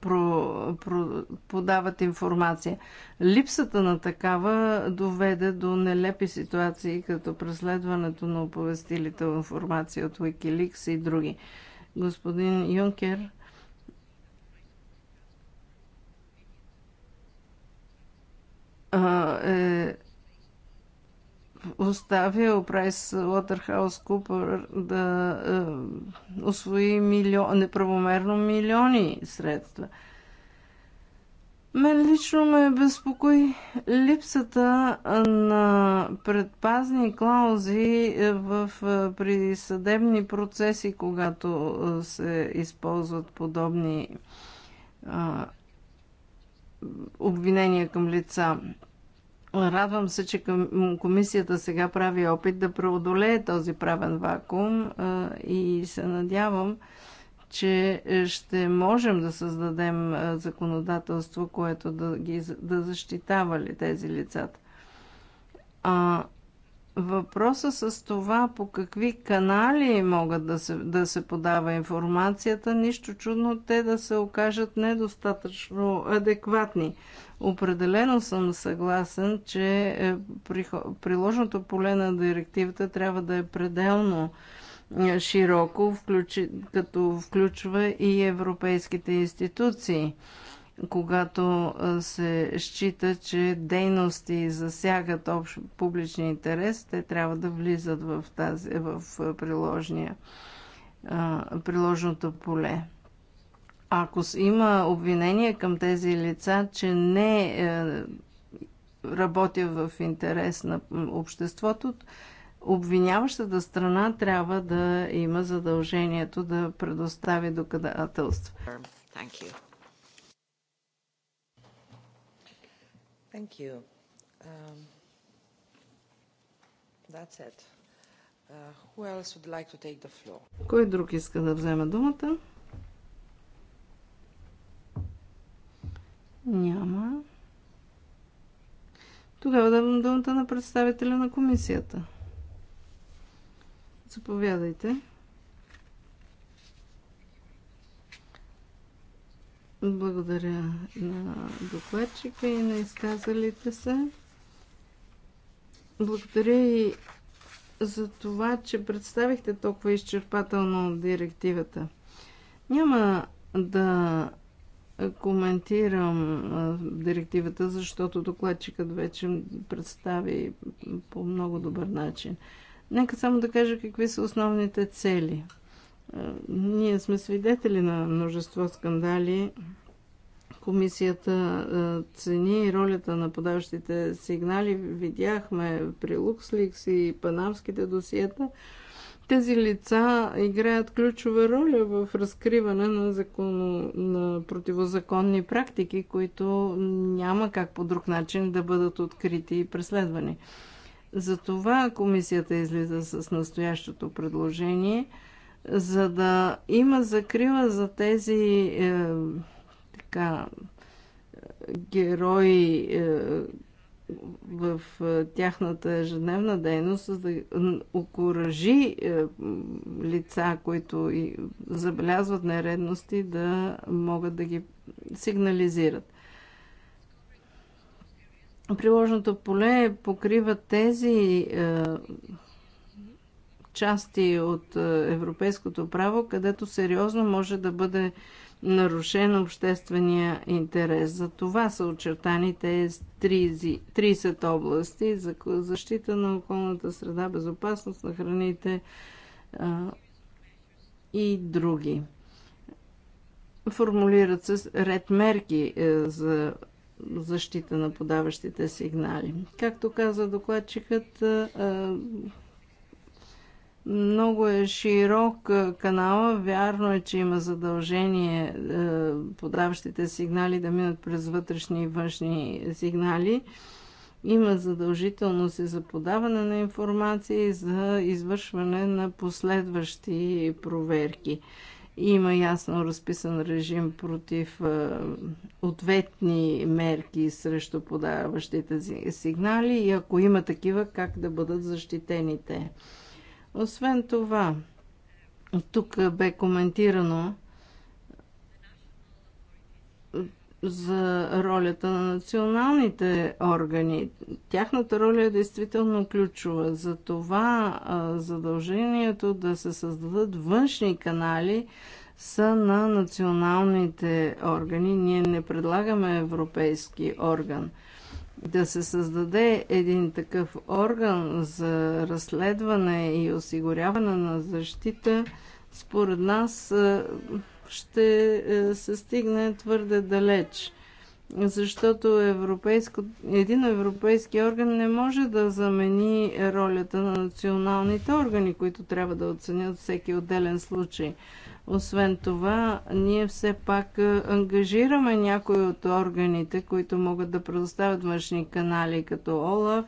про, про, подават информация. Липсата на такава доведе до нелепи ситуации, като преследването на оповестилите информация от Wikileaks и други. Господин Юнкер, е оставил Прайс Уотерхаус Купър да е, освои милион, неправомерно милиони средства. Мен лично ме безпокои липсата на предпазни клаузи е, в е, при съдебни процеси, когато е, се използват подобни а, обвинения към лица. Радвам се, че комисията сега прави опит да преодолее този правен вакуум и се надявам, че е, ще можем да създадем законодателство, което да, ги, да защитава ли тези лицата. А, Въпроса с това по какви канали могат да се, да се подава информацията, нищо чудно те да се окажат недостатъчно адекватни. Определено съм съгласен, че е, приложното поле на директивата трябва да е пределно е, широко, включи, като включва и европейските институции когато се счита, че дейности засягат общ публичен интерес, те трябва да влизат в, тази, в приложния, приложното поле. Ако има обвинение към тези лица, че не е, работя в интерес на обществото, обвиняващата страна трябва да има задължението да предостави доказателства. Thank you. Thank you. Um, that's it. Uh, who else would like to take the floor? Кой друг иска да вземе думата? Няма. Тогава давам думата на представителя на комисията. Заповядайте. Благодаря на докладчика и на изказалите се. Благодаря и за това, че представихте толкова изчерпателно директивата. Няма да коментирам директивата, защото докладчикът вече представи по много добър начин. Нека само да кажа какви са основните цели – ние сме свидетели на множество скандали. Комисията цени ролята на подаващите сигнали. Видяхме при Луксликс и панамските досиета. Тези лица играят ключова роля в разкриване на, закон... на противозаконни практики, които няма как по друг начин да бъдат открити и преследвани. Затова комисията излиза с настоящото предложение – за да има закрила за тези е, така, герои е, в е, тяхната ежедневна дейност, за да окоръжи е, лица, които и забелязват нередности, да могат да ги сигнализират. Приложното поле покрива тези е, части от е, европейското право, където сериозно може да бъде нарушен обществения интерес. За това са очертани тези 30 области за защита на околната среда, безопасност на храните и други. Формулират се ред мерки е, за защита на подаващите сигнали. Както каза докладчикът, е, много е широк канала. Вярно е, че има задължение подаващите сигнали да минат през вътрешни и външни сигнали. Има задължителност и за подаване на информация и за извършване на последващи проверки. Има ясно разписан режим против ответни мерки срещу подаващите сигнали и ако има такива, как да бъдат защитените. Освен това, тук бе коментирано за ролята на националните органи. Тяхната роля е действително ключова. За това задължението да се създадат външни канали са на националните органи. Ние не предлагаме европейски орган – да се създаде един такъв орган за разследване и осигуряване на защита, според нас е, ще е, се стигне твърде далеч. Защото европейско, един европейски орган не може да замени ролята на националните органи, които трябва да оценят всеки отделен случай. Освен това, ние все пак ангажираме някои от органите, които могат да предоставят външни канали, като ОЛАФ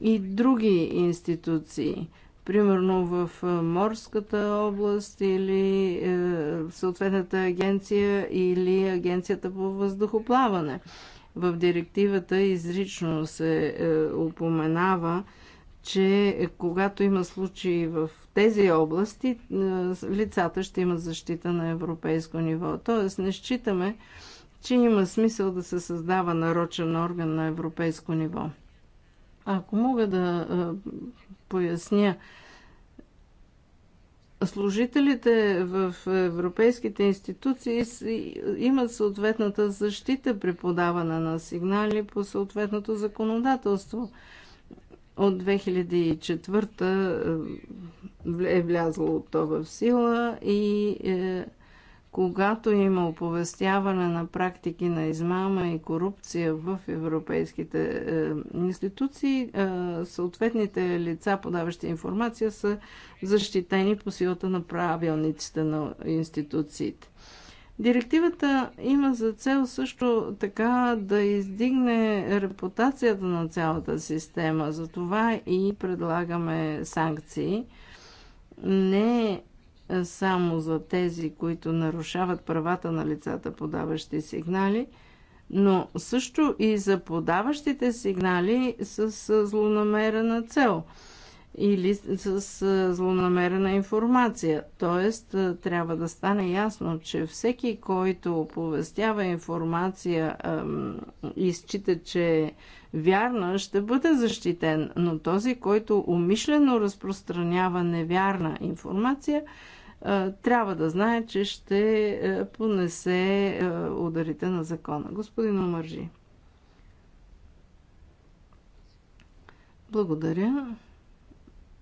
и други институции. Примерно в морската област или е, съответната агенция или агенцията по въздухоплаване. В директивата изрично се е, упоменава, че когато има случаи в тези области, е, лицата ще имат защита на европейско ниво. Тоест не считаме, че има смисъл да се създава нарочен орган на европейско ниво. Ако мога да е, поясня, служителите в европейските институции имат съответната защита при подаване на сигнали по съответното законодателство. От 2004 е, е влязло то в сила и е, когато има оповестяване на практики на измама и корупция в европейските е, институции, е, съответните лица, подаващи информация, са защитени по силата на правилниците на институциите. Директивата има за цел също така да издигне репутацията на цялата система. Затова и предлагаме санкции. Не само за тези, които нарушават правата на лицата, подаващи сигнали, но също и за подаващите сигнали с злонамерена цел – или с злонамерена информация. Тоест, е, трябва да стане ясно, че всеки, който оповестява информация и счита, че е вярна, ще бъде защитен, но този, който умишлено разпространява невярна информация, е, трябва да знае, че ще е, понесе ударите на закона. Господин Омържи. Благодаря.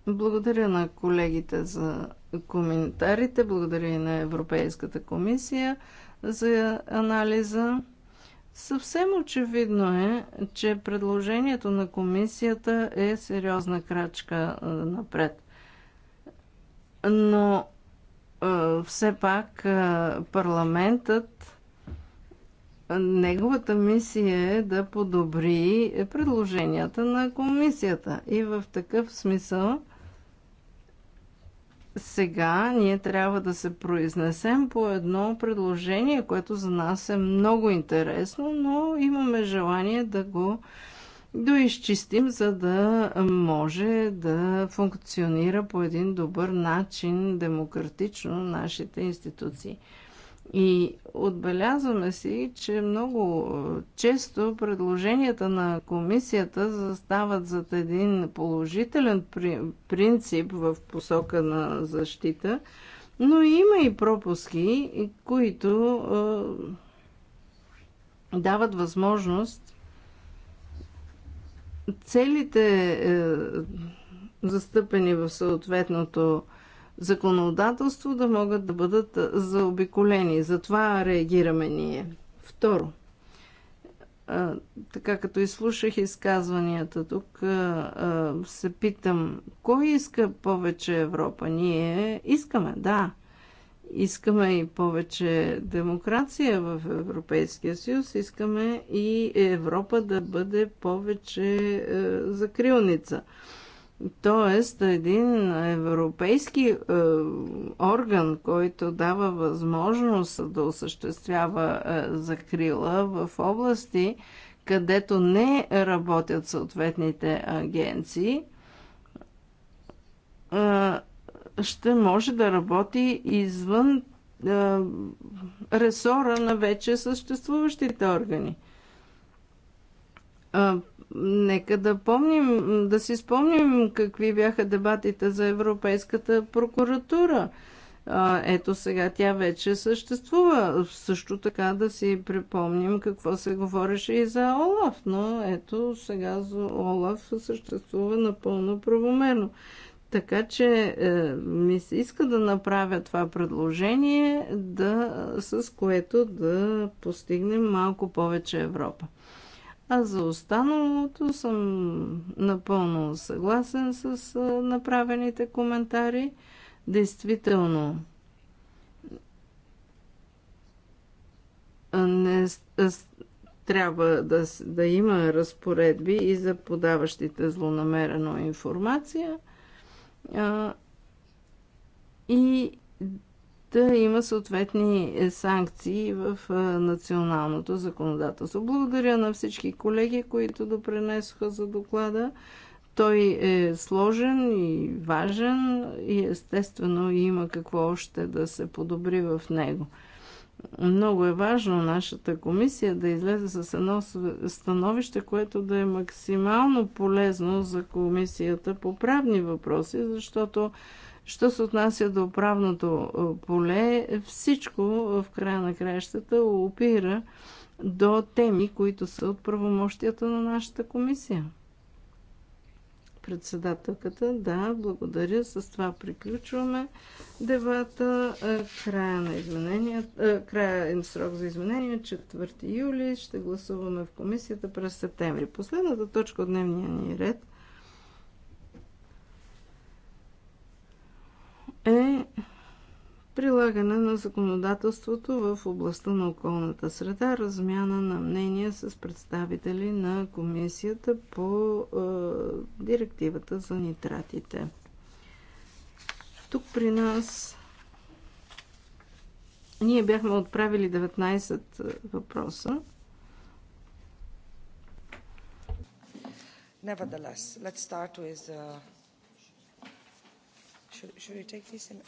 Благодаря на колегите за коментарите, благодаря и на Европейската комисия за анализа. Съвсем очевидно е, че предложението на комисията е сериозна крачка напред. Но все пак парламентът неговата мисия е да подобри предложенията на комисията. И в такъв смисъл сега ние трябва да се произнесем по едно предложение, което за нас е много интересно, но имаме желание да го доизчистим, за да може да функционира по един добър начин демократично нашите институции. И отбелязваме си, че много е, често предложенията на комисията застават зад един положителен принцип в посока на защита, но има и пропуски, които е, дават възможност целите, е, застъпени в съответното е, законодателство да могат да бъдат заобиколени. Затова реагираме ние. Второ, а, така като изслушах изказванията тук, а, а, се питам, кой иска повече Европа? Ние искаме, да. Искаме и повече демокрация в Европейския съюз, искаме и Европа да бъде повече е, закрилница. Тоест, един европейски е, орган, който дава възможност да осъществява е, закрила в области, където не работят съответните агенции, е, ще може да работи извън е, ресора на вече съществуващите органи е, Нека да помним, да си спомним какви бяха дебатите за Европейската прокуратура. Ето сега тя вече съществува. Също така да си припомним какво се говореше и за Олаф, но ето сега за Олаф съществува напълно правомерно. Така че е, ми се иска да направя това предложение, да, с което да постигнем малко повече Европа. А за останалото съм напълно съгласен с направените коментари. Действително, не, трябва да, да има разпоредби и за подаващите злонамерено информация. А, и да има съответни е, санкции в е, националното законодателство. Благодаря на всички колеги, които допренесоха за доклада. Той е сложен и важен и естествено има какво още да се подобри в него. Много е важно нашата комисия да излезе с едно становище, което да е максимално полезно за комисията по правни въпроси, защото Що се отнася до правното е, поле, всичко в края на краищата опира до теми, които са от правомощията на нашата комисия. Председателката, да, благодаря. С това приключваме дебата. Е, края на изменения, е, края им срок за изменения 4 юли. Ще гласуваме в комисията през септември. Последната точка от дневния ни ред – е прилагане на законодателството в областта на околната среда, размяна на мнения с представители на комисията по е, директивата за нитратите. Тук при нас ние бяхме отправили 19 е, въпроса. Nevertheless, let's start with uh should, should we take this? In?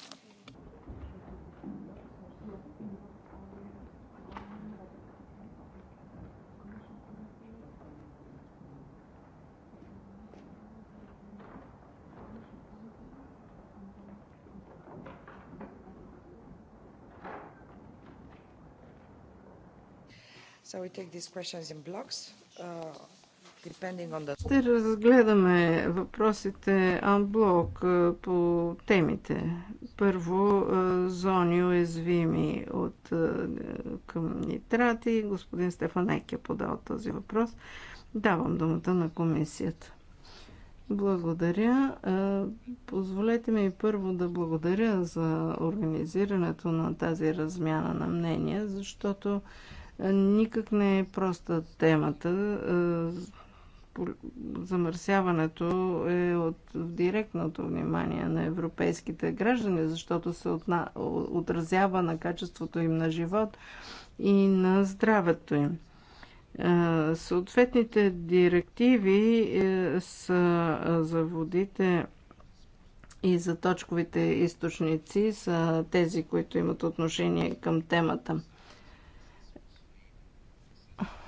So we take these questions in blocks. Uh, ще разгледаме въпросите анблок по темите. Първо, зони уязвими от, към нитрати. Господин Стефан Ек е подал този въпрос. Давам думата на комисията. Благодаря. Позволете ми първо да благодаря за организирането на тази размяна на мнения, защото никак не е проста темата замърсяването е от директното внимание на европейските граждани, защото се отна... отразява на качеството им на живот и на здравето им. Е, съответните директиви е, са е, за водите и за точковите източници са тези, които имат отношение към темата.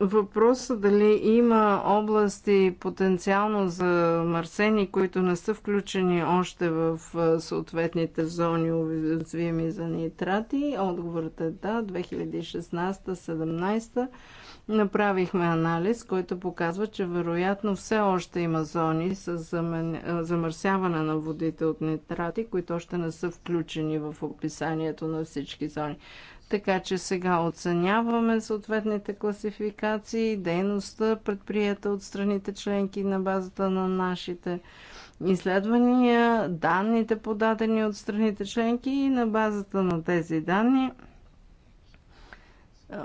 Въпросът дали има области потенциално за марсени, които не са включени още в съответните зони уязвими за нитрати, отговорът е да. 2016-17 направихме анализ, който показва, че вероятно все още има зони с замърсяване на водите от нитрати, които още не са включени в описанието на всички зони. Така че сега оценяваме съответните класификации, дейността, предприята от страните членки на базата на нашите изследвания, данните подадени от страните членки и на базата на тези данни е,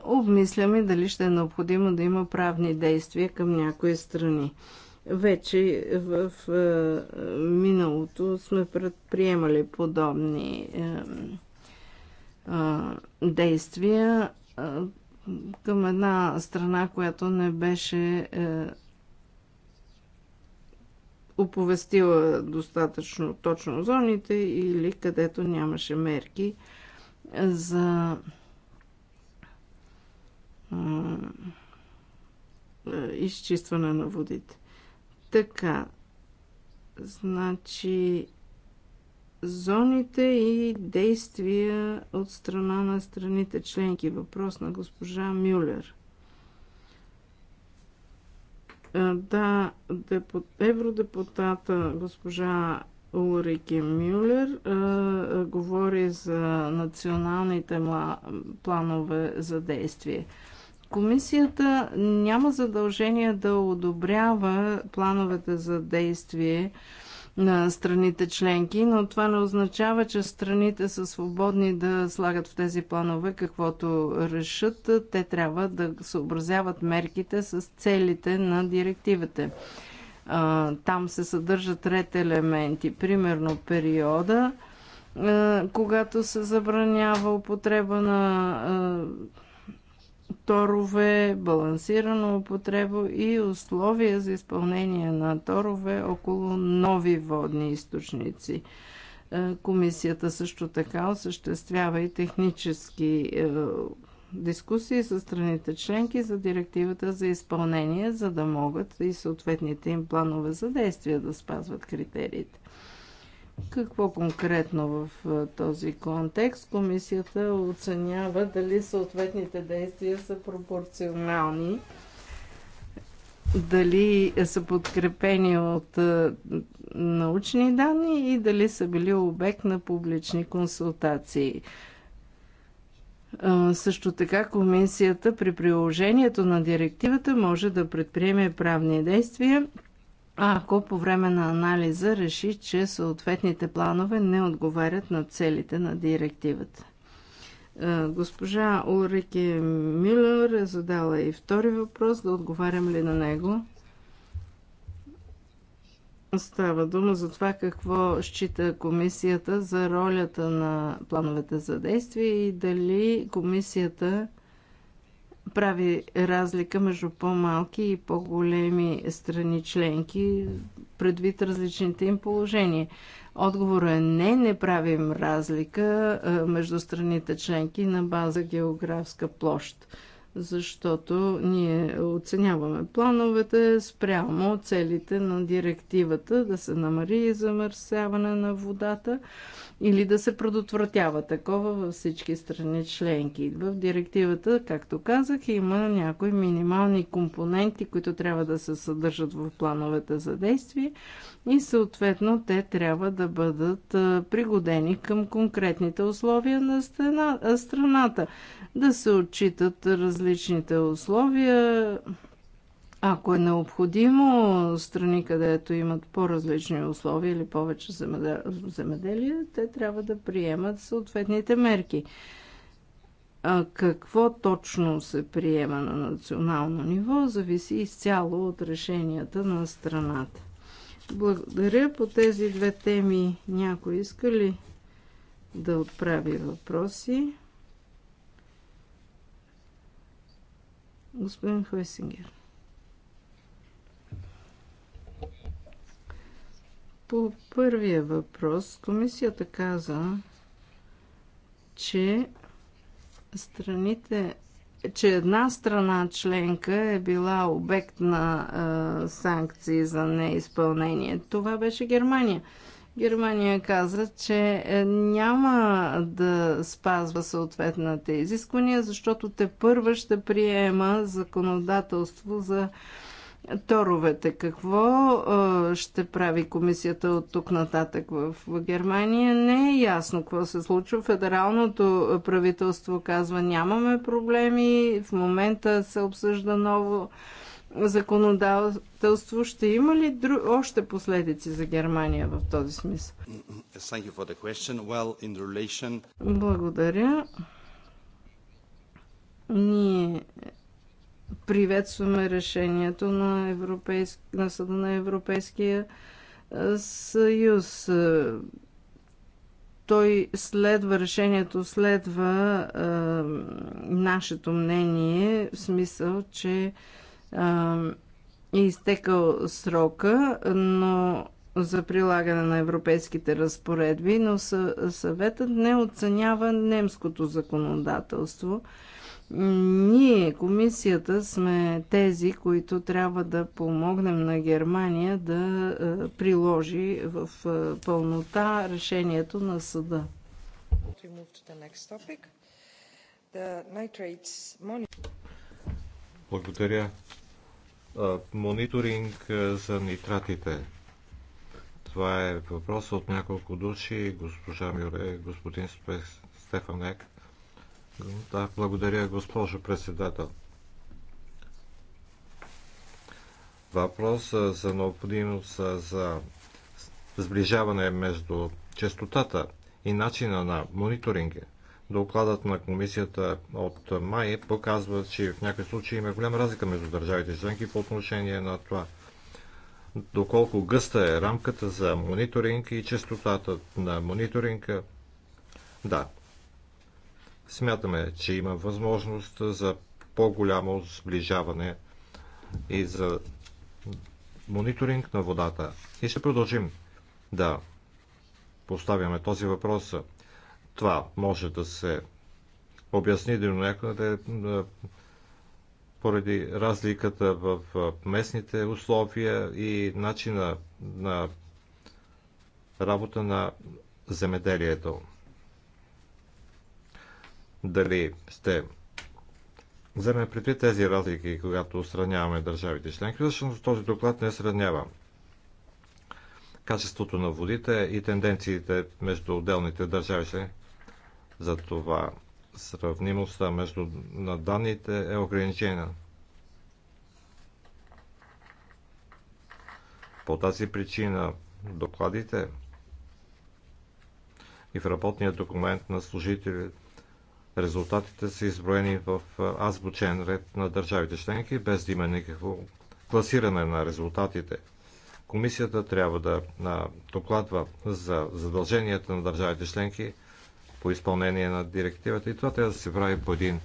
обмисляме дали ще е необходимо да има правни действия към някои страни. Вече в е, миналото сме предприемали подобни е, действия към една страна, която не беше е, оповестила достатъчно точно зоните или където нямаше мерки за е, изчистване на водите. Така, значи зоните и действия от страна на страните членки. Въпрос на госпожа Мюлер. Да, депут, евродепутата госпожа Улрике Мюлер говори за националните мла, планове за действие. Комисията няма задължение да одобрява плановете за действие на страните членки, но това не означава, че страните са свободни да слагат в тези планове каквото решат. Те трябва да съобразяват мерките с целите на директивите. Там се съдържат ред елементи, примерно периода, когато се забранява употреба на торове, балансирана употреба и условия за изпълнение на торове около нови водни източници. Е, комисията също така осъществява и технически е, дискусии с страните членки за директивата за изпълнение, за да могат и съответните им планове за действие да спазват критериите. Какво конкретно в този контекст комисията оценява дали съответните действия са пропорционални, дали са подкрепени от научни данни и дали са били обект на публични консултации. Също така комисията при приложението на директивата може да предприеме правни действия ако по време на анализа реши, че съответните планове не отговарят на целите на директивата. Госпожа Улрике Мюллер е задала и втори въпрос, да отговарям ли на него. Става дума за това какво счита комисията за ролята на плановете за действие и дали комисията прави разлика между по-малки и по-големи страни членки, предвид различните им положения. Отговорът е не, не правим разлика между страните членки на база географска площ, защото ние оценяваме плановете спрямо целите на директивата да се намали замърсяване на водата или да се предотвратява такова във всички страни членки. В директивата, както казах, има някои минимални компоненти, които трябва да се съдържат в плановете за действие и съответно те трябва да бъдат пригодени към конкретните условия на страната. Да се отчитат различните условия, ако е необходимо страни, където имат по-различни условия или повече земеделие, те трябва да приемат съответните мерки. А какво точно се приема на национално ниво, зависи изцяло от решенията на страната. Благодаря по тези две теми. Някой иска ли да отправи въпроси? Господин Хойсингер. По първия въпрос комисията каза, че страните че една страна членка е била обект на а, санкции за неизпълнение. Това беше Германия. Германия каза, че е, няма да спазва съответните изисквания, защото те първа ще приема законодателство за торовете. Какво ще прави комисията от тук нататък в Германия? Не е ясно какво се случва. Федералното правителство казва нямаме проблеми, в момента се обсъжда ново законодателство. Ще има ли дру... още последици за Германия в този смисъл? Well, relation... Благодаря. Ние приветстваме решението на, Европейск... на Съда на Европейския съюз. Той следва решението, следва е, нашето мнение, в смисъл, че е, е изтекал срока, но за прилагане на европейските разпоредби, но съ, съветът не оценява немското законодателство. Е, ние, комисията, сме тези, които трябва да помогнем на Германия да е, приложи в е, пълнота решението на съда. Благодаря. Мониторинг е, за нитратите. Това е въпрос от няколко души. Госпожа Мюре, господин Стефанек. Да, благодаря, госпожо председател. Въпрос за необходимост за сближаване между частотата и начина на мониторинга. Докладът на комисията от май показва, че в някои случаи има голяма разлика между държавите членки по отношение на това доколко гъста е рамката за мониторинг и частотата на мониторинга. Да, Смятаме, че има възможност за по-голямо сближаване и за мониторинг на водата. И ще продължим да поставяме този въпрос. Това може да се обясни до някъде е, поради разликата в е, местните условия и начина на работа на земеделието дали сте вземе предвид тези разлики, когато сравняваме държавите членки, защото този доклад не сравнява качеството на водите и тенденциите между отделните държави членки. това сравнимостта между на данните е ограничена. По тази причина докладите и в работния документ на служителите Резултатите са изброени в азбучен ред на държавите членки, без да има никакво класиране на резултатите. Комисията трябва да докладва за задълженията на държавите членки по изпълнение на директивата и това трябва да се прави по един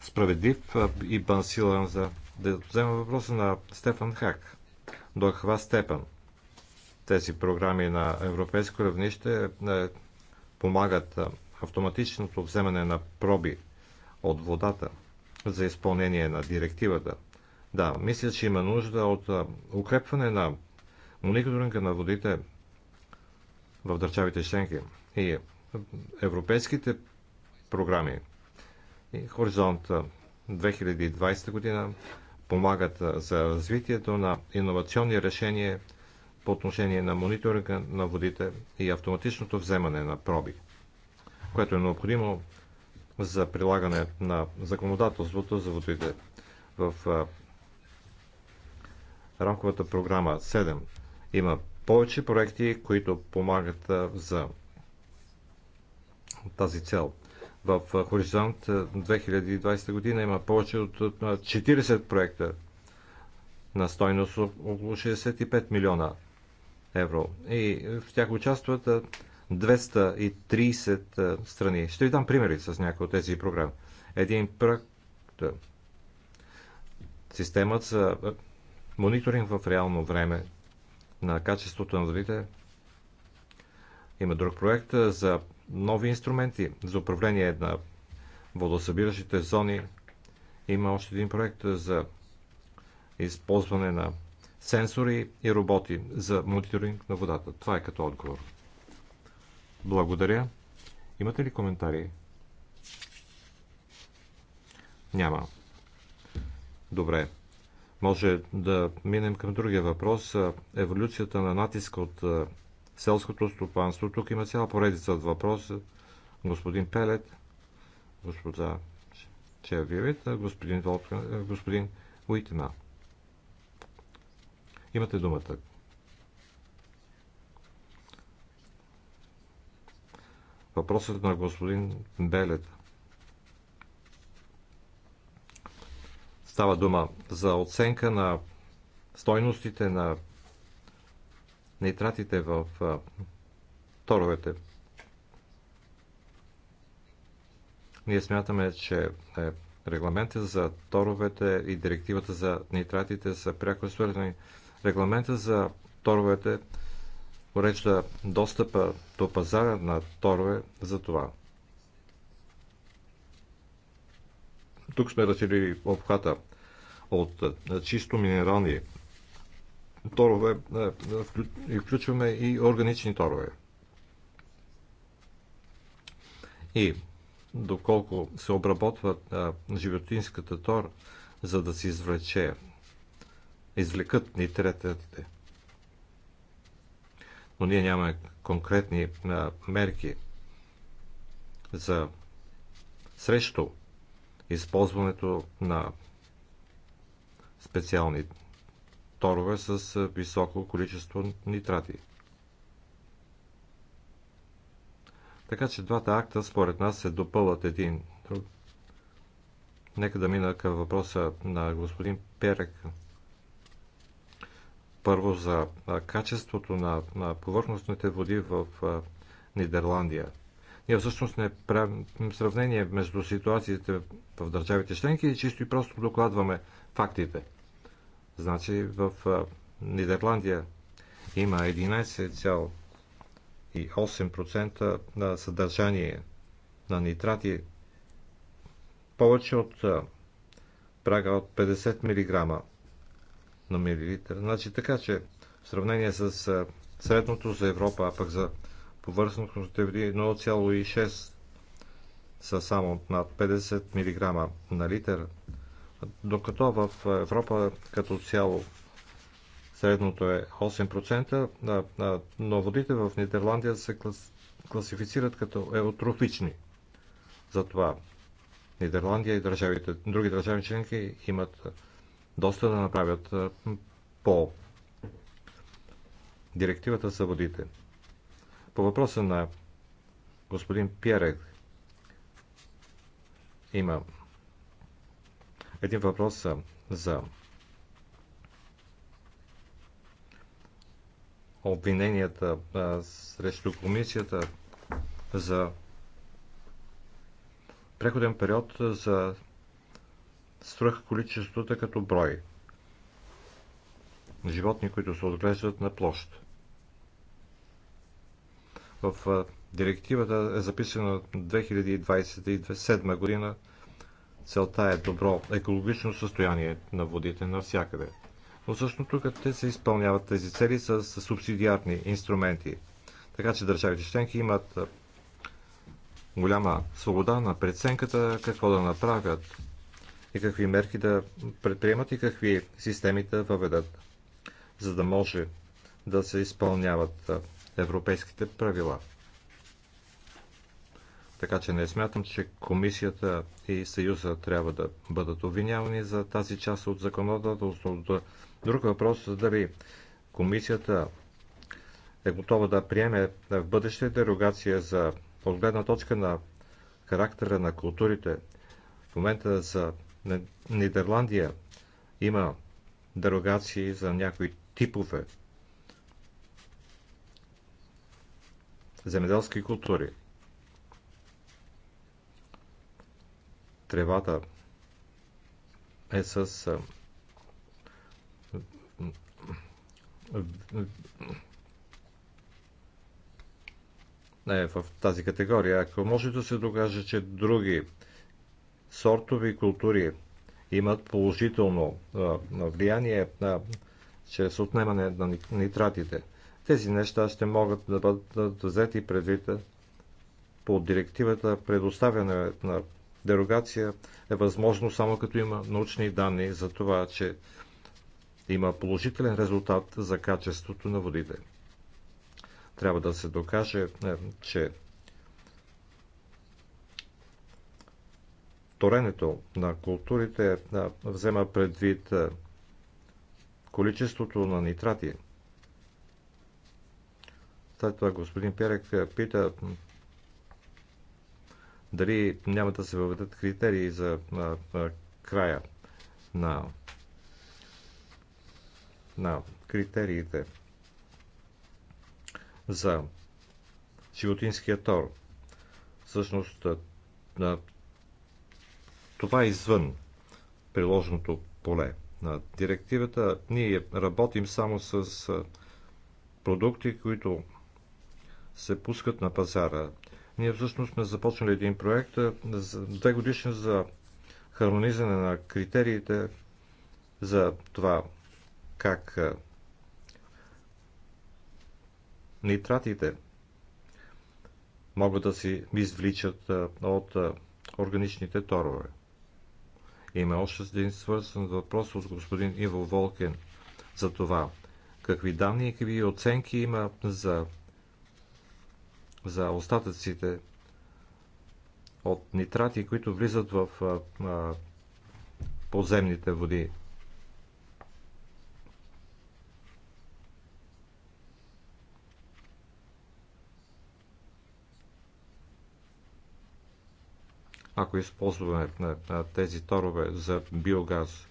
справедлив и бансилен за да взема въпроса на Стефан Хак. До каква степен тези програми на европейско равнище помагат автоматичното вземане на проби от водата за изпълнение на директивата. Да, мисля, че има нужда от укрепване на мониторинга на водите в държавите членки и европейските програми и Хоризонт 2020 година помагат за развитието на иновационни решения по отношение на мониторинга на водите и автоматичното вземане на проби което е необходимо за прилагане на законодателството за водите. В рамковата програма 7 има повече проекти, които помагат за тази цел. В Хоризонт 2020 година има повече от 40 проекта на стойност около 65 милиона евро. И в тях участват 230 страни. Ще ви дам примери с някои от тези програми. Един проект системата за мониторинг в реално време на качеството на водите. Има друг проект за нови инструменти за управление на водосъбиращите зони. Има още един проект за използване на сенсори и роботи за мониторинг на водата. Това е като отговор. Благодаря. Имате ли коментари? Няма. Добре. Може да минем към другия въпрос. Еволюцията на натиск от е, селското стопанство. Тук има цяла поредица от въпроса. Господин Пелет, господа Чевирит, господин, е, господин Уитена. Имате думата, Въпросът е на господин Белета. Става дума за оценка на стойностите на нитратите в торовете. Ние смятаме, че е, регламента за торовете и директивата за нитратите са пряко свързани. Регламента за торовете урежда достъпа до пазара на торове за това. Тук сме разделили обхвата от е, чисто минерални торове е, и включваме и органични торове. И доколко се обработва е, животинската тор, за да се извлече, извлекат нитретите но ние нямаме конкретни мерки за срещу използването на специални торове с високо количество нитрати. Така че двата акта според нас се допълват един друг. Нека да мина към въпроса на господин Перек. Първо за качеството на, на повърхностните води в Нидерландия. Ние всъщност не правим сравнение между ситуациите в държавите членки и чисто и просто докладваме фактите. Значи в Нидерландия има 11,8% на съдържание на нитрати повече от прага от 50 мг на милилитър. Значи така, че в сравнение с средното за Европа, а пък за повърхностното теория 1,6 са само над 50 мг на литър, докато в Европа като цяло средното е 8%, но водите в Нидерландия се класифицират като еотрофични. Затова Нидерландия и държавите, други държави членки имат доста да направят по директивата за водите. По въпроса на господин Пьерек има един въпрос за обвиненията а, срещу комисията за преходен период за свръхколичествата като брой животни, които се отглеждат на площ. В директивата е записано 2027 година. Целта е добро екологично състояние на водите навсякъде. Но също тук те се изпълняват тези цели с субсидиарни инструменти. Така че държавите членки имат голяма свобода на преценката какво да направят и какви мерки да предприемат и какви системи да въведат, за да може да се изпълняват европейските правила. Така че не смятам, че комисията и съюза трябва да бъдат обвинявани за тази част от законодателството. Друг въпрос е дали комисията е готова да приеме в бъдеще дерогация за отгледна точка на характера на културите. В момента за Нидерландия има дерогации за някои типове земеделски култури. Тревата е с е в тази категория. Ако може да се докаже, че други сортови култури имат положително влияние на, чрез отнемане на нитратите. Тези неща ще могат да бъдат взети предвид по директивата предоставяне на дерогация е възможно само като има научни данни за това, че има положителен резултат за качеството на водите. Трябва да се докаже, че торенето на културите взема предвид количеството на нитрати. След това господин Перек пита дали няма да се въведат критерии за на, на края на, на критериите за животинския тор. Всъщност, това е извън приложното поле на директивата. Ние работим само с продукти, които се пускат на пазара. Ние всъщност сме започнали един проект две годишни за хармонизане на критериите за това как нитратите могат да се извличат от органичните торове. Има още един свързан въпрос от господин Иво Волкен за това. Какви данни и какви оценки има за, за остатъците от нитрати, които влизат в а, а, подземните води? Ако използваме на тези торове за биогаз,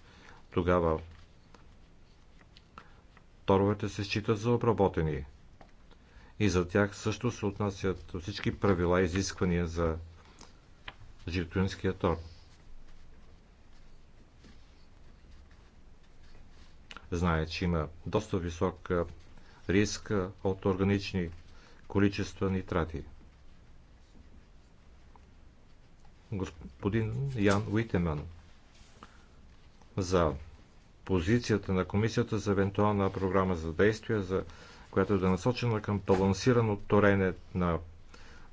тогава торовете се считат за обработени. И за тях също се отнасят всички правила и изисквания за житоинския тор. Знае, че има доста висок риск от органични количества нитрати. господин Ян Уитеман за позицията на комисията за евентуална програма за действие, за която да е насочена към балансирано торене на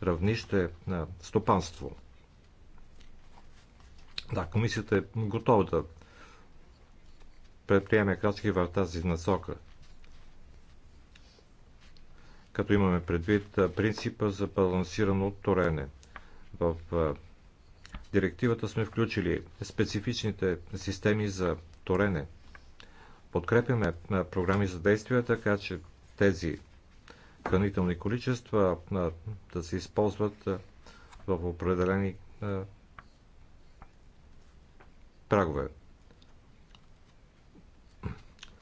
равнище на стопанство. Да, комисията е готова да предприеме крачки в тази насока, като имаме предвид принципа за балансирано торене в директивата сме включили специфичните системи за торене. Подкрепяме програми за действия, така че тези хранителни количества да се използват в определени прагове.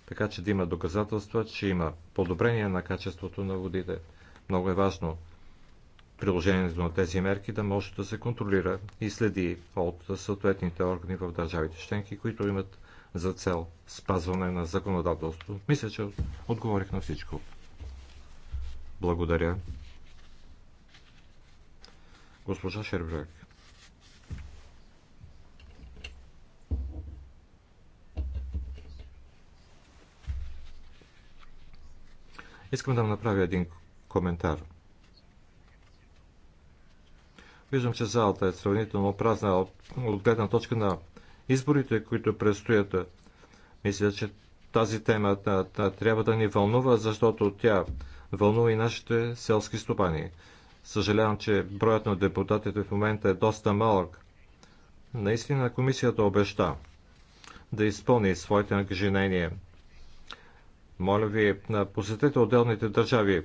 Така че да има доказателства, че има подобрение на качеството на водите. Много е важно приложението на тези мерки да може да се контролира и следи от съответните органи в държавите членки, които имат за цел спазване на законодателството. Мисля, че отговорих на всичко. Благодаря. Госпожа Шербрек. Искам да направя един коментар – Виждам, че залата е сравнително празна от, от гледна точка на изборите, които предстоят. Мисля, че тази тема да, да, трябва да ни вълнува, защото тя вълнува и нашите селски стопани. Съжалявам, че броят на депутатите в момента е доста малък. Наистина комисията обеща да изпълни своите ангажинения. Моля ви, посетете отделните държави.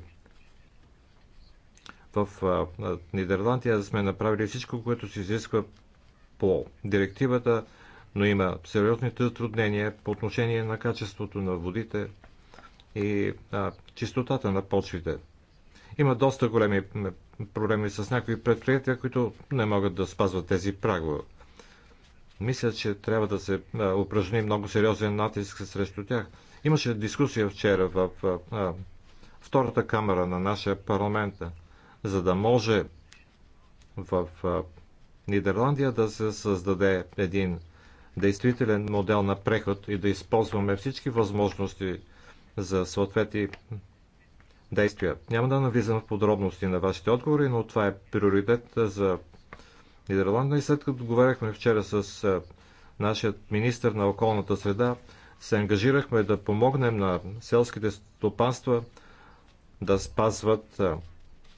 В Нидерландия сме направили всичко, което се изисква по директивата, но има сериозни затруднения по отношение на качеството на водите и а, чистотата на почвите. Има доста големи проблеми с някои предприятия, които не могат да спазват тези прагове. Мисля, че трябва да се упражни много сериозен натиск срещу тях. Имаше дискусия вчера в а, втората камера на нашия парламент за да може в Нидерландия да се създаде един действителен модел на преход и да използваме всички възможности за съответни действия. Няма да навлизам в подробности на вашите отговори, но това е приоритет за Нидерландия. И след като говорихме вчера с нашият министр на околната среда, се ангажирахме да помогнем на селските стопанства да спазват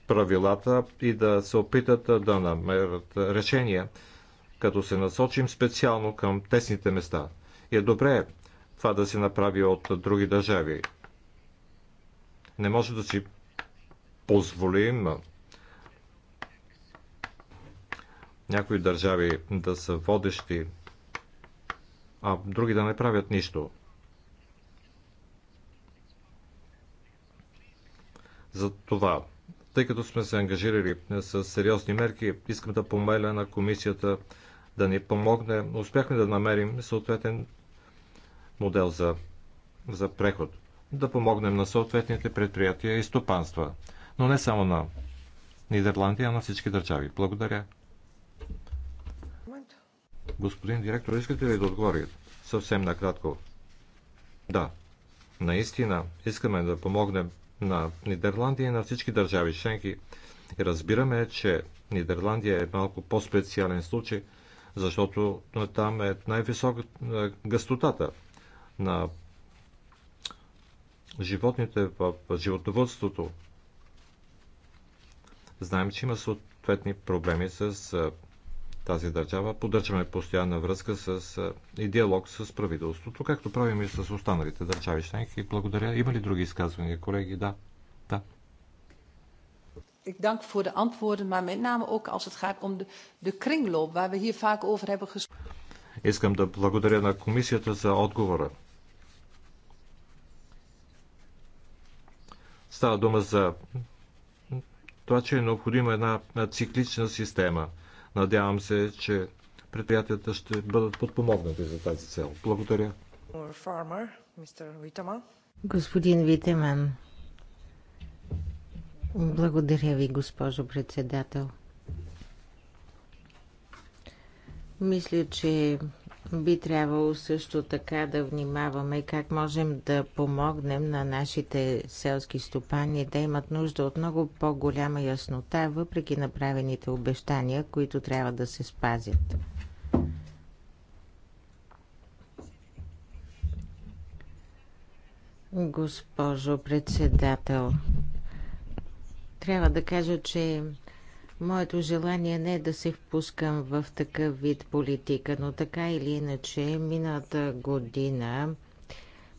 правилата и да се опитат да намерят решения, като се насочим специално към тесните места. И е добре това да се направи от други държави. Не може да си позволим някои държави да са водещи, а други да не правят нищо. За това тъй като сме се ангажирали е, с сериозни мерки, искам да помеля на комисията да ни помогне. Успяхме да намерим съответен модел за, за преход. Да помогнем на съответните предприятия и стопанства. Но не само на Нидерландия, а на всички държави. Благодаря. Господин директор, искате ли да отговорите? Съвсем накратко. Да, наистина искаме да помогнем на Нидерландия и на всички държави членки. И разбираме, че Нидерландия е малко по-специален случай, защото там е най-висока е, гъстотата на животните в животновътството. Знаем, че има съответни проблеми с е, тази държава. Поддържаме постоянна връзка с, и диалог с правителството, както правим и с останалите държави членки. Благодаря. Има ли други изказвания, колеги? Да. Да. Ik dank voor de antwoorden, maar met name ook als het gaat om de, de kringloop, waar we hier vaak over hebben gesproken. Искам да благодаря на комисията за отговора. Става дума за това, че е необходима една циклична система – Надявам се, че предприятията ще бъдат подпомогнати за тази цел. Благодаря. Господин Витеман, благодаря ви, госпожо председател. Мисля, че би трябвало също така да внимаваме как можем да помогнем на нашите селски стопани да имат нужда от много по-голяма яснота, въпреки направените обещания, които трябва да се спазят. Госпожо председател, трябва да кажа, че Моето желание не е да се впускам в такъв вид политика, но така или иначе, миналата година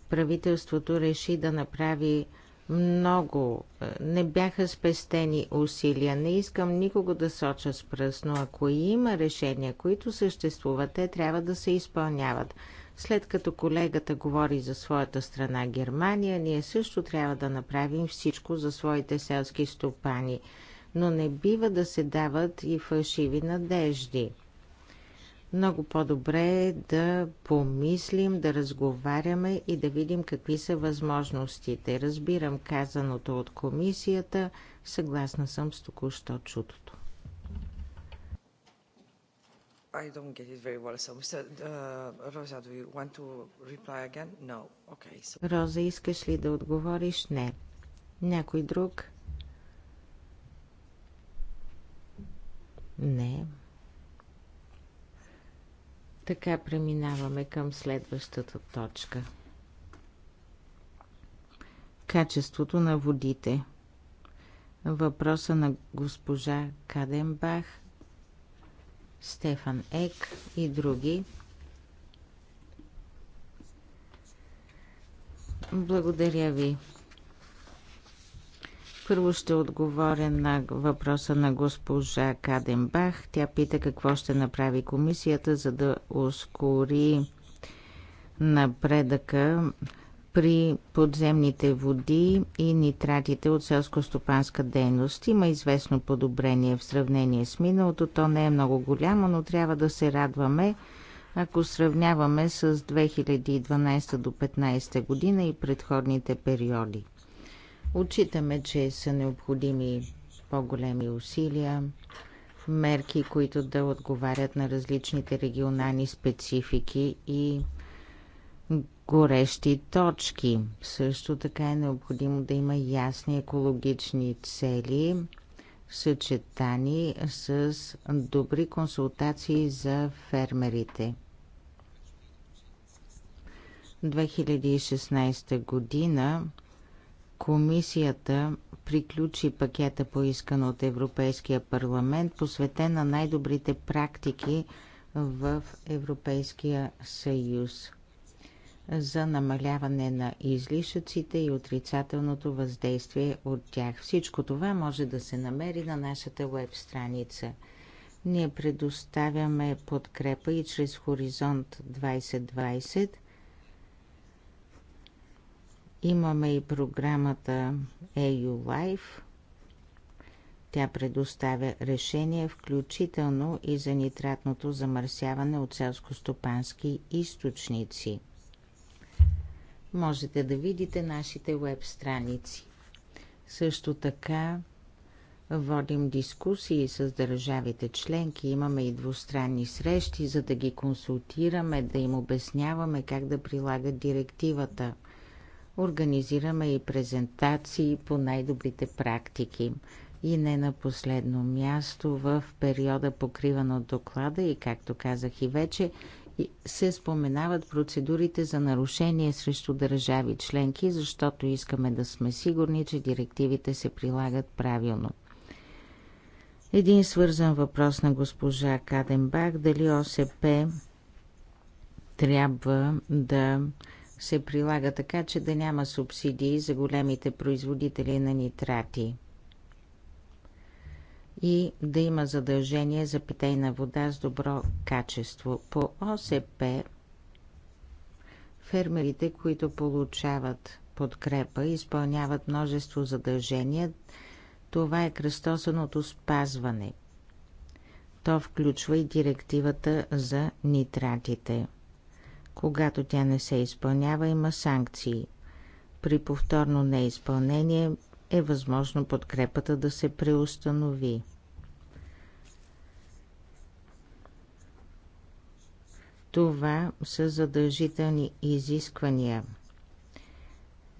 правителството реши да направи много. Не бяха спестени усилия. Не искам никого да соча с пръст, но ако има решения, които съществуват, те трябва да се изпълняват. След като колегата говори за своята страна Германия, ние също трябва да направим всичко за своите селски стопани – но не бива да се дават и фалшиви надежди. Много по-добре е да помислим, да разговаряме и да видим какви са възможностите. Разбирам казаното от комисията, съгласна съм с току-що чутото. I don't get it very well. So, Mr. Uh, Rosa, do you want to reply again? No. Okay. So... Роза, искаш ли да отговориш? Не. Някой друг? Не. Така преминаваме към следващата точка. Качеството на водите. Въпроса на госпожа Каденбах, Стефан Ек и други. Благодаря ви. Първо ще отговоря на въпроса на госпожа Каденбах. Тя пита какво ще направи комисията, за да ускори напредъка при подземните води и нитратите от селско-стопанска дейност. Има известно подобрение в сравнение с миналото. То не е много голямо, но трябва да се радваме, ако сравняваме с 2012 до 2015 година и предходните периоди. Отчитаме, че са необходими по-големи усилия, мерки, които да отговарят на различните регионални специфики и горещи точки. Също така е необходимо да има ясни екологични цели, съчетани с добри консултации за фермерите. 2016 година Комисията приключи пакета поискан от Европейския парламент, посветен на най-добрите практики в Европейския съюз за намаляване на излишъците и отрицателното въздействие от тях. Всичко това може да се намери на нашата веб страница. Ние предоставяме подкрепа и чрез Хоризонт 2020 Имаме и програмата AU Life. Тя предоставя решение, включително и за нитратното замърсяване от селско-стопански източници. Можете да видите нашите веб страници. Също така водим дискусии с държавите членки, имаме и двустранни срещи, за да ги консултираме, да им обясняваме как да прилагат директивата. Организираме и презентации по най-добрите практики. И не на последно място в периода покриван от доклада и както казах и вече, се споменават процедурите за нарушение срещу държави членки, защото искаме да сме сигурни, че директивите се прилагат правилно. Един свързан въпрос на госпожа Каденбах дали ОСП трябва да се прилага така, че да няма субсидии за големите производители на нитрати и да има задължение за питейна вода с добро качество. По ОСП фермерите, които получават подкрепа, изпълняват множество задължения. Това е кръстосаното спазване. То включва и директивата за нитратите – когато тя не се изпълнява, има санкции. При повторно неизпълнение е възможно подкрепата да се преустанови. Това са задължителни изисквания.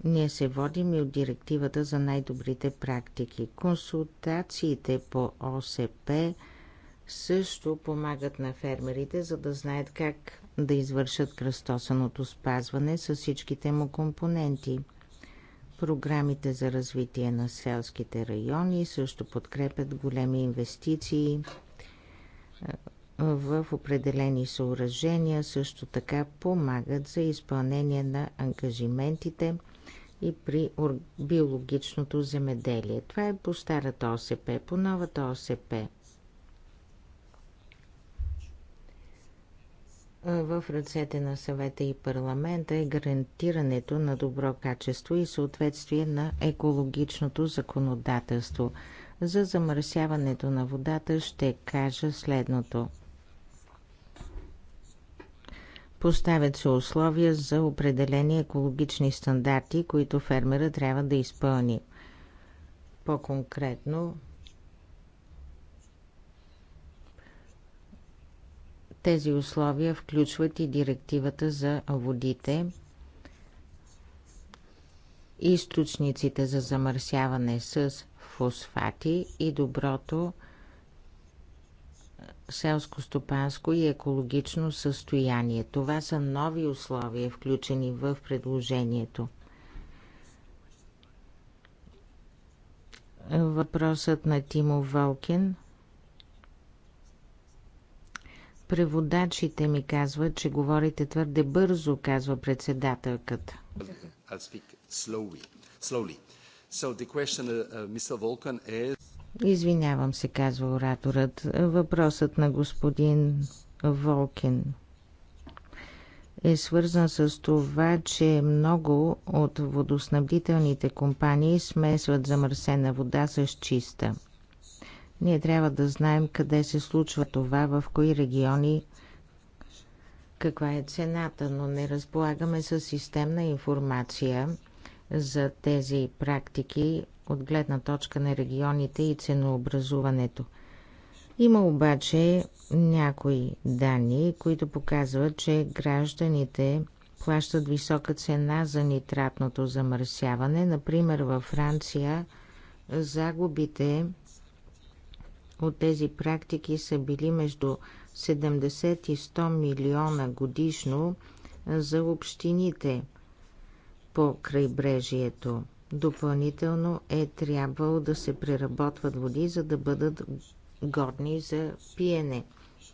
Ние се водим и от директивата за най-добрите практики. Консултациите по ОСП също помагат на фермерите, за да знаят как да извършат кръстосаното спазване с всичките му компоненти. Програмите за развитие на селските райони също подкрепят големи инвестиции е, в определени съоръжения, също така помагат за изпълнение на ангажиментите и при биологичното земеделие. Това е по старата ОСП, по новата ОСП – в ръцете на съвета и парламента е гарантирането на добро качество и съответствие на екологичното законодателство. За замърсяването на водата ще кажа следното. Поставят се условия за определени екологични стандарти, които фермера трябва да изпълни. По-конкретно, Тези условия включват и директивата за водите, източниците за замърсяване с фосфати и доброто селско-стопанско и екологично състояние. Това са нови условия, включени в предложението. Въпросът на Тимо Вълкин. Преводачите ми казват, че говорите твърде бързо, казва председателката. Uh, uh, Извинявам се, казва ораторът. Въпросът на господин Волкин е свързан с това, че много от водоснабдителните компании смесват замърсена вода с чиста. Ние трябва да знаем къде се случва това, в кои региони, каква е цената, но не разполагаме с системна информация за тези практики от гледна точка на регионите и ценообразуването. Има обаче някои данни, които показват, че гражданите плащат висока цена за нитратното замърсяване. Например, във Франция загубите от тези практики са били между 70 и 100 милиона годишно за общините по крайбрежието. Допълнително е трябвало да се преработват води, за да бъдат годни за пиене.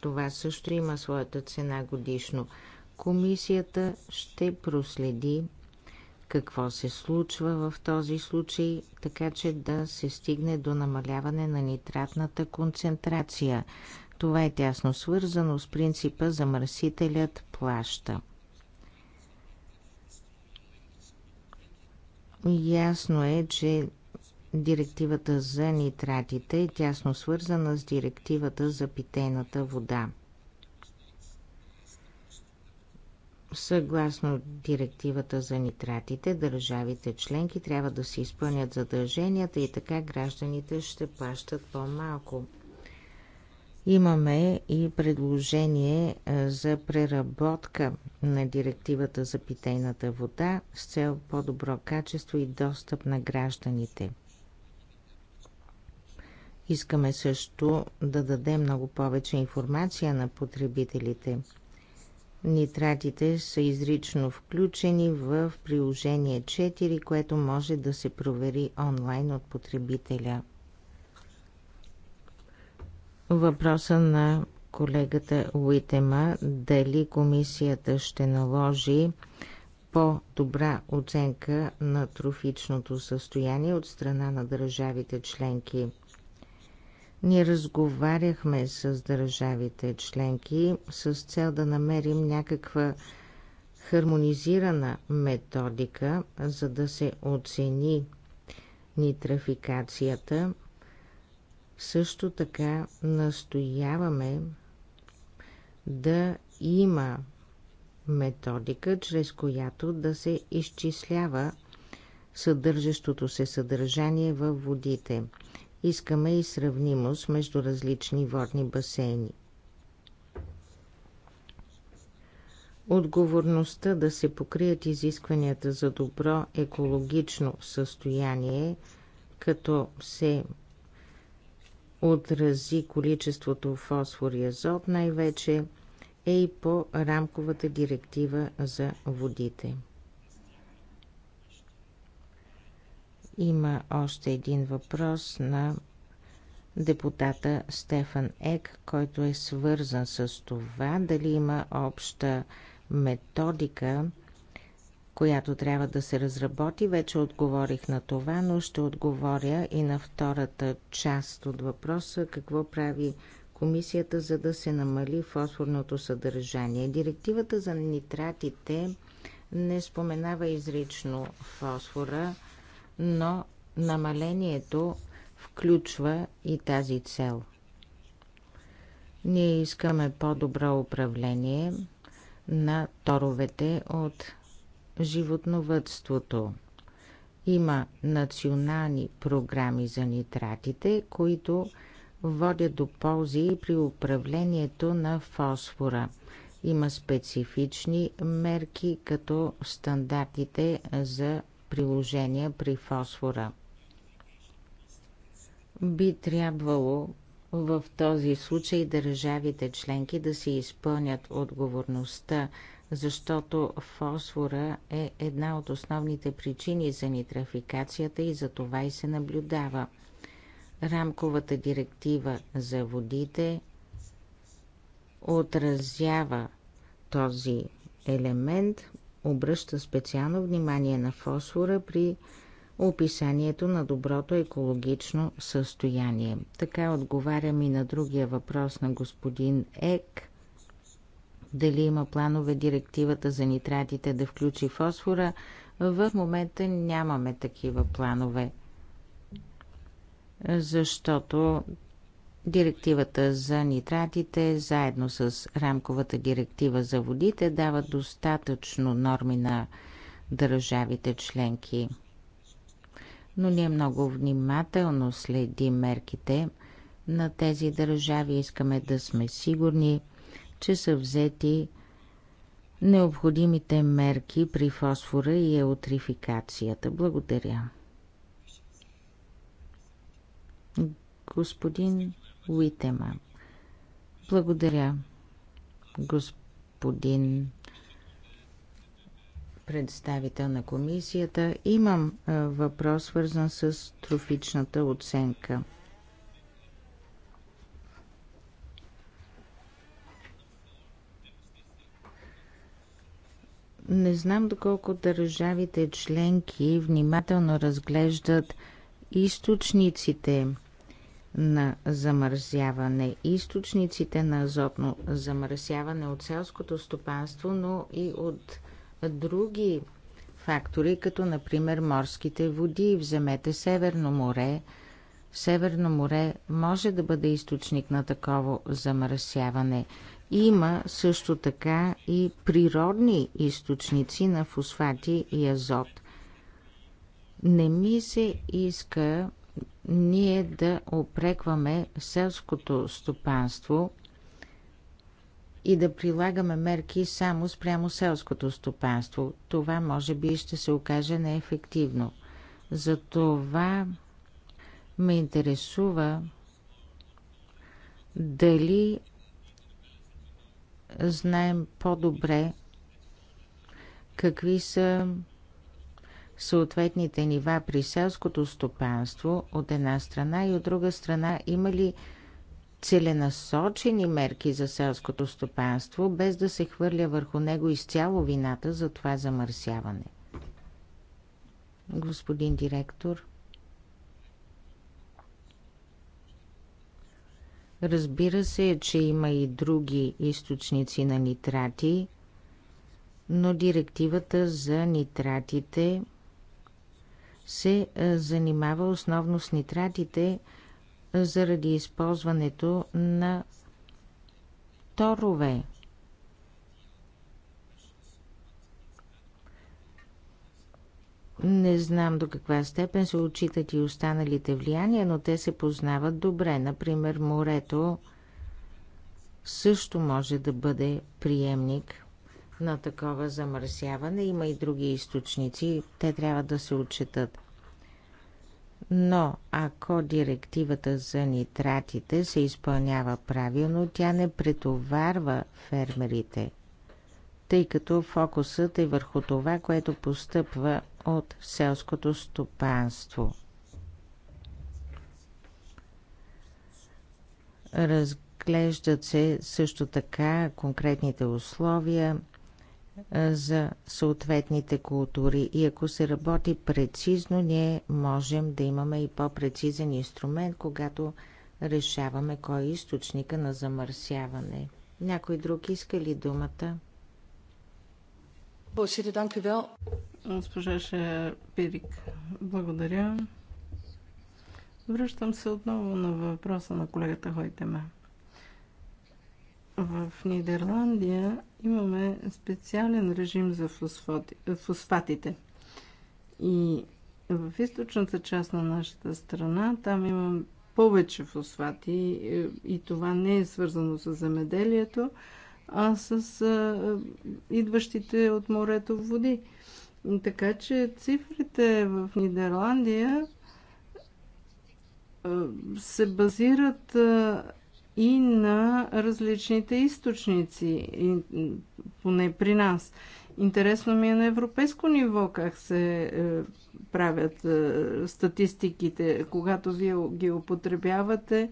Това също има своята цена годишно. Комисията ще проследи какво се случва в този случай, така че да се стигне до намаляване на нитратната концентрация. Това е тясно свързано с принципа замърсителят плаща. Ясно е, че директивата за нитратите е тясно свързана с директивата за питейната вода. Съгласно директивата за нитратите, държавите членки трябва да си изпълнят задълженията и така гражданите ще плащат по-малко. Имаме и предложение за преработка на директивата за питейната вода с цел по-добро качество и достъп на гражданите. Искаме също да дадем много повече информация на потребителите – Нитратите са изрично включени в приложение 4, което може да се провери онлайн от потребителя. Въпроса на колегата Уитема дали комисията ще наложи по-добра оценка на трофичното състояние от страна на държавите членки. Ние разговаряхме с държавите членки с цел да намерим някаква хармонизирана методика, за да се оцени нитрафикацията. Също така настояваме да има методика, чрез която да се изчислява съдържащото се съдържание във водите – Искаме и сравнимост между различни водни басейни. Отговорността да се покрият изискванията за добро екологично състояние, като се отрази количеството фосфор и азот най-вече е и по рамковата директива за водите. Има още един въпрос на депутата Стефан Ек, който е свързан с това дали има обща методика, която трябва да се разработи. Вече отговорих на това, но ще отговоря и на втората част от въпроса какво прави комисията, за да се намали фосфорното съдържание. Директивата за нитратите не споменава изрично фосфора, но намалението включва и тази цел. Ние искаме по-добро управление на торовете от животновътството. Има национални програми за нитратите, които водят до ползи при управлението на фосфора. Има специфични мерки, като стандартите за приложения при фосфора. Би трябвало в този случай държавите членки да си изпълнят отговорността, защото фосфора е една от основните причини за нитрафикацията и за това и се наблюдава. Рамковата директива за водите отразява този елемент обръща специално внимание на фосфора при описанието на доброто екологично състояние. Така отговарям и на другия въпрос на господин Ек. Дали има планове директивата за нитратите да включи фосфора? В момента нямаме такива планове, защото Директивата за нитратите, заедно с рамковата директива за водите, дава достатъчно норми на държавите членки. Но ние много внимателно следим мерките на тези държави. Искаме да сме сигурни, че са взети необходимите мерки при фосфора и еутрификацията. Благодаря. Господин Уитема. Благодаря, господин представител на комисията. Имам въпрос, свързан с трофичната оценка. Не знам доколко държавите членки внимателно разглеждат източниците на замърсяване, източниците на азотно замърсяване от селското стопанство, но и от други фактори, като например морските води. Вземете Северно море. Северно море може да бъде източник на такова замърсяване. Има също така и природни източници на фосфати и азот. Не ми се иска ние да опрекваме селското стопанство и да прилагаме мерки само спрямо селското стопанство. Това може би ще се окаже неефективно. Затова ме интересува дали знаем по-добре какви са съответните нива при селското стопанство от една страна и от друга страна има ли целенасочени мерки за селското стопанство, без да се хвърля върху него изцяло вината за това замърсяване. Господин директор, разбира се, че има и други източници на нитрати, но директивата за нитратите – се е, занимава основно с нитратите е, заради използването на торове. Не знам до каква степен се отчитат и останалите влияния, но те се познават добре. Например, морето също може да бъде приемник на такова замърсяване. Има и други източници, те трябва да се отчетат. Но ако директивата за нитратите се изпълнява правилно, тя не претоварва фермерите, тъй като фокусът е върху това, което постъпва от селското стопанство. Разглеждат се също така конкретните условия за съответните култури. И ако се работи прецизно, ние можем да имаме и по-прецизен инструмент, когато решаваме кой е източника на замърсяване. Някой друг иска ли думата? Госпожа Шепирик, благодаря. Връщам се отново на въпроса на колегата Хойтема. В Нидерландия имаме специален режим за фосфати, фосфатите. И в източната част на нашата страна там имам повече фосфати е, и, това не е свързано с земеделието, а с а, е, идващите от морето води. Така че цифрите в Нидерландия е, се базират и на различните източници, поне при нас. Интересно ми е на европейско ниво как се е, правят е, статистиките, когато вие ги употребявате.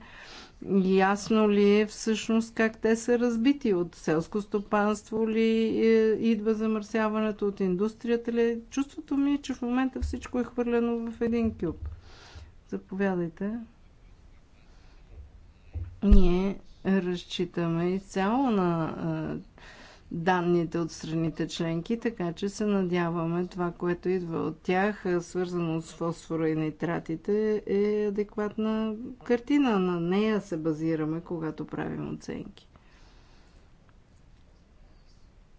Ясно ли е всъщност как те са разбити? От селско стопанство ли е, идва замърсяването, от индустрията ли? Чувството ми е, че в момента всичко е хвърлено в един кюб. Заповядайте. Ние разчитаме изцяло на данните от страните членки, така че се надяваме това, което идва от тях, свързано с фосфора и нитратите, е адекватна картина. На нея се базираме, когато правим оценки.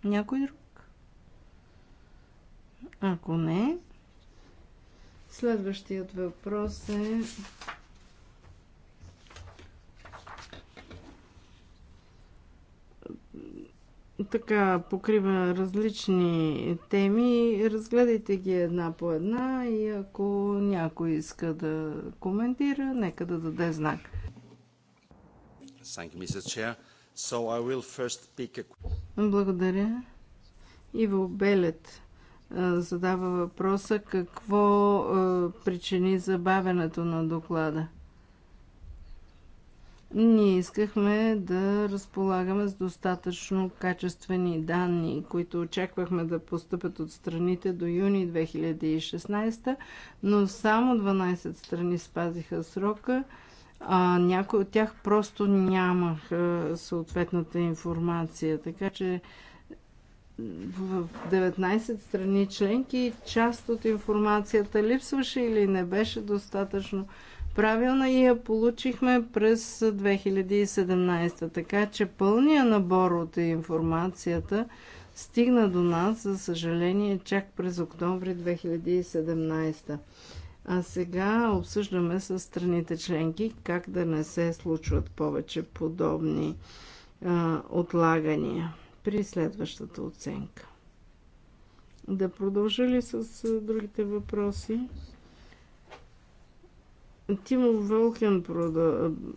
Някой друг? Ако не, следващият въпрос е така покрива различни теми. Разгледайте ги една по една и ако някой иска да коментира, нека да даде знак. Благодаря. Иво Белет задава въпроса какво причини забавянето на доклада. Ние искахме да разполагаме с достатъчно качествени данни, които очаквахме да поступят от страните до юни 2016, но само 12 страни спазиха срока, а някои от тях просто нямаха съответната информация. Така че в 19 страни членки част от информацията липсваше или не беше достатъчно правилна и я получихме през 2017. Така че пълния набор от информацията стигна до нас, за съжаление, чак през октомври 2017. А сега обсъждаме с страните членки как да не се случват повече подобни а, отлагания при следващата оценка. Да продължа ли с другите въпроси? Тимо Вълкен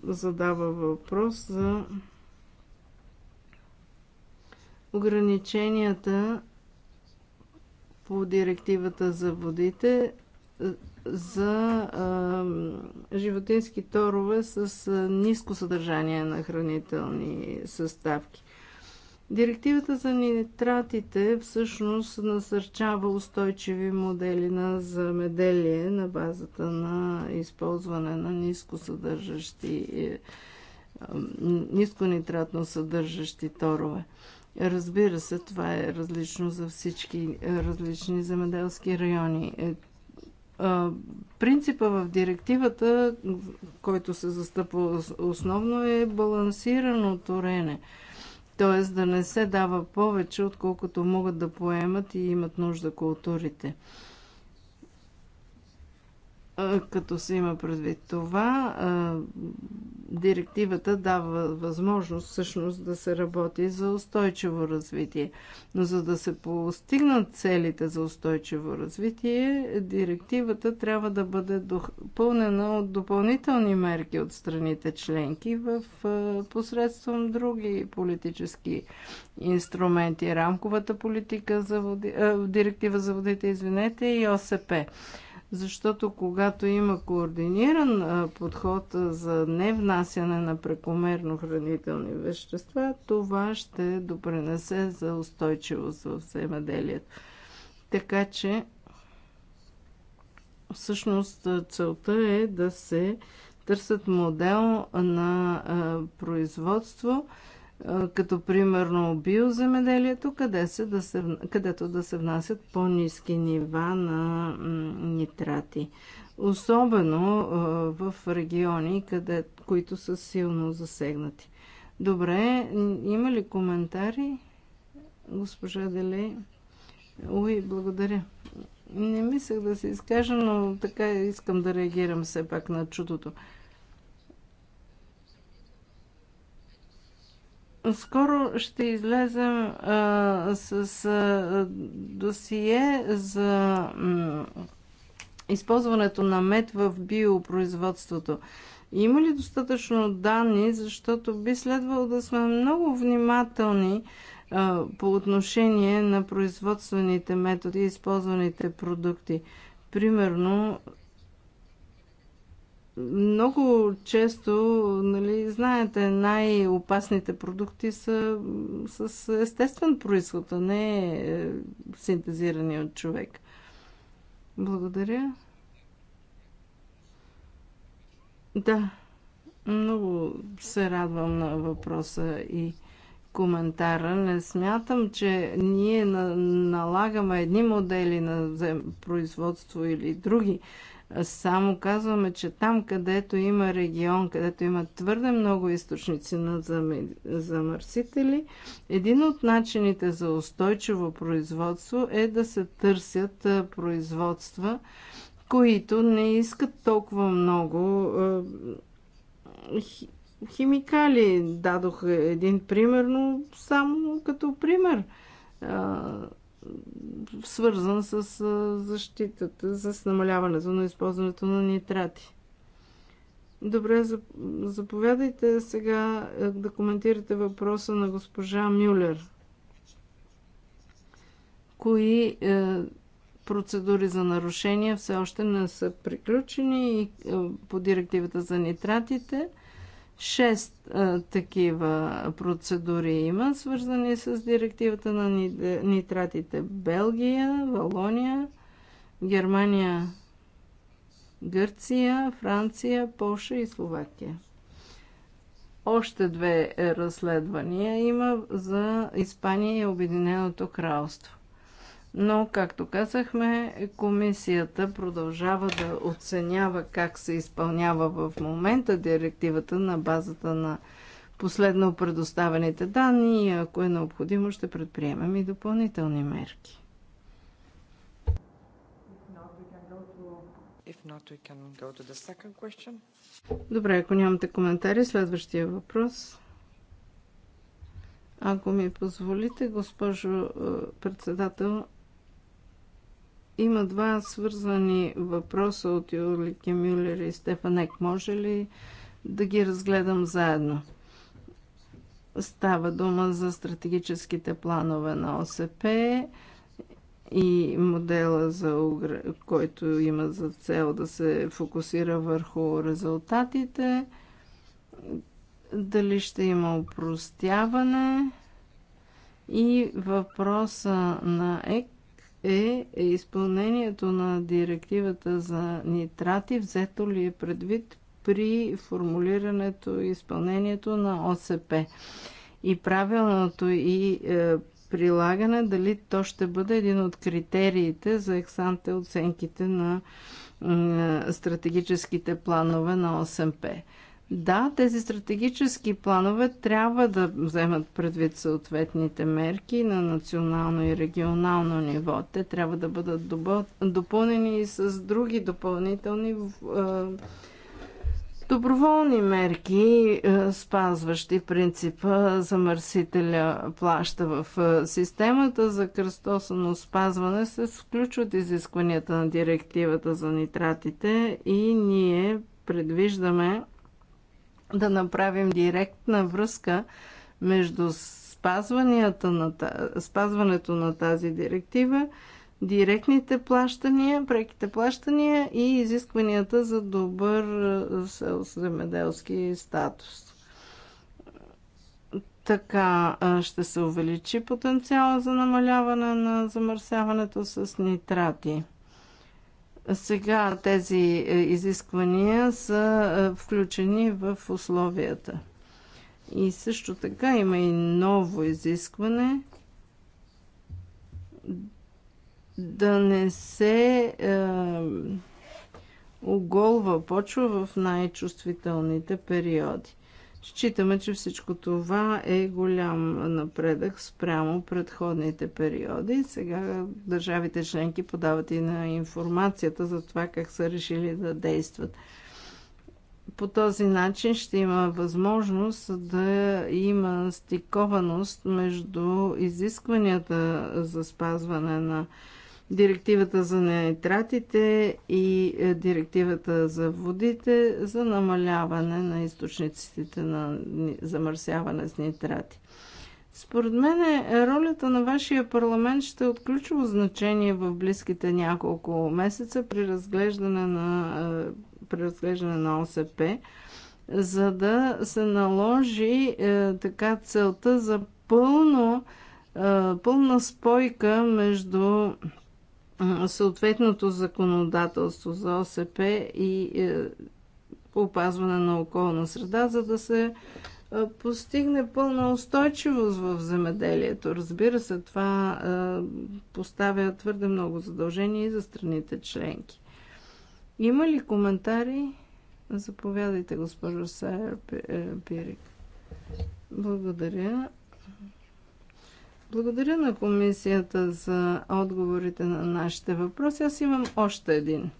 задава въпрос за ограниченията по директивата за водите за а, животински торове с а, ниско съдържание на хранителни съставки. Директивата за нитратите всъщност насърчава устойчиви модели на замеделие на базата на използване на ниско съдържащи е, нисконитратно съдържащи торове. Разбира се, това е различно за всички е, различни земеделски райони. Е, принципа в директивата, който се застъпва основно, е балансирано торене – т.е. да не се дава повече, отколкото могат да поемат и имат нужда културите. Като се има предвид това, директивата дава възможност всъщност да се работи за устойчиво развитие. Но за да се постигнат целите за устойчиво развитие, директивата трябва да бъде допълнена от допълнителни мерки от страните членки в посредством други политически инструменти. Рамковата политика за води, директива за водите, извинете, и ОСП защото когато има координиран подход за невнасяне на прекомерно хранителни вещества, това ще допренесе за устойчивост в земеделието. Така че, всъщност, целта е да се търсят модел на производство – като примерно биоземеделието, къде се да се, където да се внасят по-низки нива на нитрати. Особено в региони, къде, които са силно засегнати. Добре, има ли коментари? Госпожа Делей. Уи, благодаря. Не мислех да се изкажа, но така искам да реагирам все пак на чудото. Скоро ще излезем а, с а, досие за използването на мед в биопроизводството. Има ли достатъчно данни, защото би следвало да сме много внимателни а, по отношение на производствените методи и използваните продукти. Примерно, много често, нали, знаете, най-опасните продукти са с естествен происход, а не е, синтезирани от човек. Благодаря. Да, много се радвам на въпроса и коментара. Не смятам, че ние налагаме едни модели на производство или други. Само казваме, че там, където има регион, където има твърде много източници на замърсители, един от начините за устойчиво производство е да се търсят производства, които не искат толкова много химикали. Дадох един пример, но само като пример свързан с защитата, с намаляването на използването на нитрати. Добре, заповядайте сега е, да коментирате въпроса на госпожа Мюлер. Кои е, процедури за нарушения все още не са приключени е, по директивата за нитратите – Шест а, такива процедури има, свързани с директивата на нитратите. Белгия, Валония, Германия, Гърция, Франция, Польша и Словакия. Още две е, разследвания има за Испания и Обединеното кралство. Но, както казахме, комисията продължава да оценява как се изпълнява в момента директивата на базата на последно предоставените данни и ако е необходимо ще предприемем и допълнителни мерки. Добре, ако нямате коментари, следващия въпрос. Ако ми позволите, госпожо е, председател, има два свързани въпроса от Юлики Мюллер и Стефанек. Може ли да ги разгледам заедно? Става дума за стратегическите планове на ОСП и модела, за, който има за цел да се фокусира върху резултатите. Дали ще има упростяване? И въпроса на ЕК е, е изпълнението на директивата за нитрати, взето ли е предвид при формулирането и изпълнението на ОСП и правилното и е, прилагане, дали то ще бъде един от критериите за ексанте оценките на е, стратегическите планове на ОСМП. Да, тези стратегически планове трябва да вземат предвид съответните мерки на национално и регионално ниво. Те трябва да бъдат допълнени и с други допълнителни доброволни мерки, спазващи принципа замърсителя плаща в системата за кръстосано спазване, се включват изискванията на директивата за нитратите и ние предвиждаме да направим директна връзка между спазванията на, спазването на тази директива, директните плащания, преките плащания и изискванията за добър земеделски статус. Така ще се увеличи потенциала за намаляване на замърсяването с нитрати. Сега тези е, изисквания са е, включени в условията. И също така има и ново изискване да не се е, оголва почва в най-чувствителните периоди. Считаме, че всичко това е голям напредък спрямо предходните периоди. Сега държавите членки подават и на информацията за това как са решили да действат. По този начин ще има възможност да има стикованост между изискванията за спазване на директивата за нейтратите и е, директивата за водите за намаляване на източниците на замърсяване с нитрати. Според мен е, ролята на вашия парламент ще е от ключово значение в близките няколко месеца при разглеждане на, е, при разглеждане на ОСП, за да се наложи е, така целта за пълно, е, пълна спойка между съответното законодателство за ОСП и е, опазване на околна среда, за да се постигне пълна устойчивост в земеделието. Разбира се, това поставя твърде много задължения и за страните членки. Има ли коментари? Заповядайте, госпожо Сайер е, Пирик. Благодаря. Благодаря на комисията за отговорите на нашите въпроси. Аз имам още един.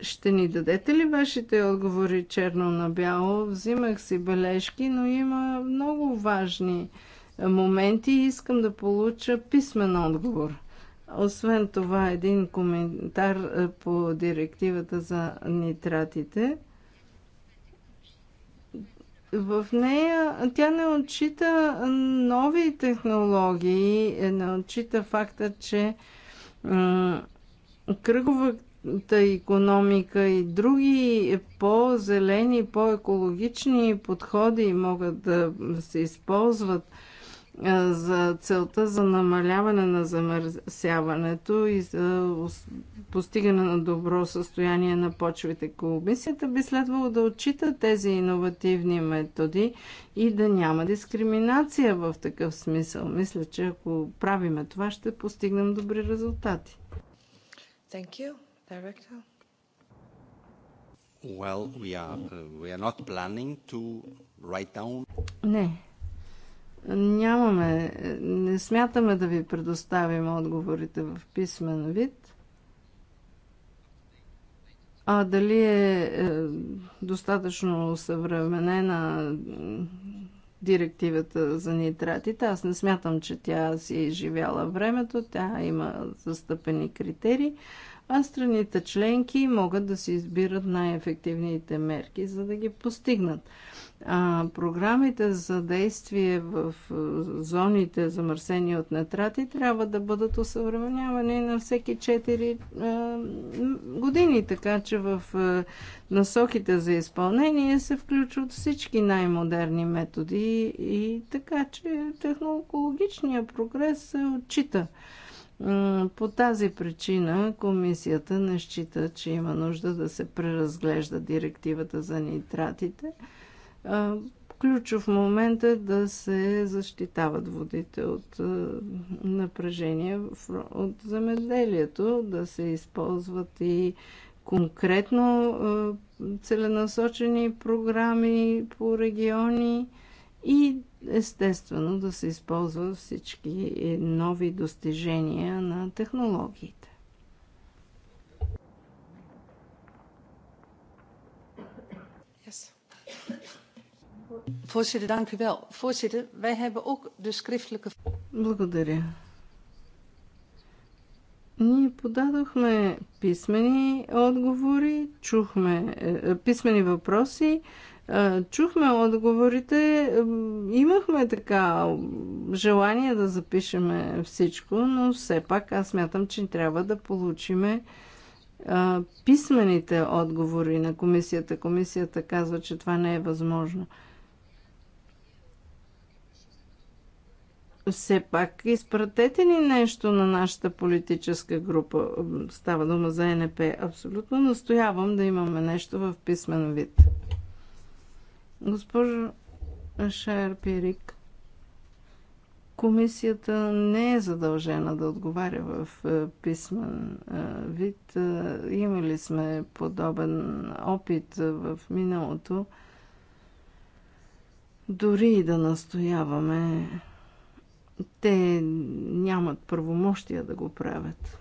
Ще ни дадете ли вашите отговори черно на бяло? Взимах си бележки, но има много важни моменти и искам да получа писмен отговор. Освен това, един коментар е, по директивата за нитратите в нея тя не отчита нови технологии, не отчита факта, че кръговата економика и други по-зелени, по-екологични подходи могат да се използват – за целта за намаляване на замърсяването и за постигане на добро състояние на почвите. Комисията би следвало да отчита тези иновативни методи и да няма дискриминация в такъв смисъл. Мисля, че ако правиме това, ще постигнем добри резултати. Thank you, Director. Well, we are, uh, we are not planning to write down... Не, Нямаме, не смятаме да ви предоставим отговорите в писмен вид. А дали е, е достатъчно съвременена директивата за нитратите. Аз не смятам, че тя си е живяла времето. Тя има застъпени критерии а страните членки могат да си избират най-ефективните мерки, за да ги постигнат. А, програмите за действие в зоните замърсени от нетрати трябва да бъдат осъвременявани на всеки 4 а, години, така че в а, насоките за изпълнение се включват всички най-модерни методи и, и така че технологичният прогрес се отчита. По тази причина комисията не счита, че има нужда да се преразглежда директивата за нитратите. Ключов момент е да се защитават водите от напрежение от замеделието, да се използват и конкретно целенасочени програми по региони и естествено да се използват всички нови достижения на технологиите. Voorzitter, dank u wel. Voorzitter, wij hebben ook de schriftelijke... Благодаря. Ние подадохме писмени отговори, чухме е, е писмени въпроси, Чухме отговорите, имахме така желание да запишеме всичко, но все пак аз смятам, че трябва да получиме писмените отговори на комисията. Комисията казва, че това не е възможно. Все пак изпратете ни нещо на нашата политическа група. Става дума за НП. Абсолютно настоявам да имаме нещо в писмен вид. Госпожо Шайер Пирик, комисията не е задължена да отговаря в е, писмен е, вид. Е, имали сме подобен опит в миналото. Дори и да настояваме, те нямат правомощия да го правят.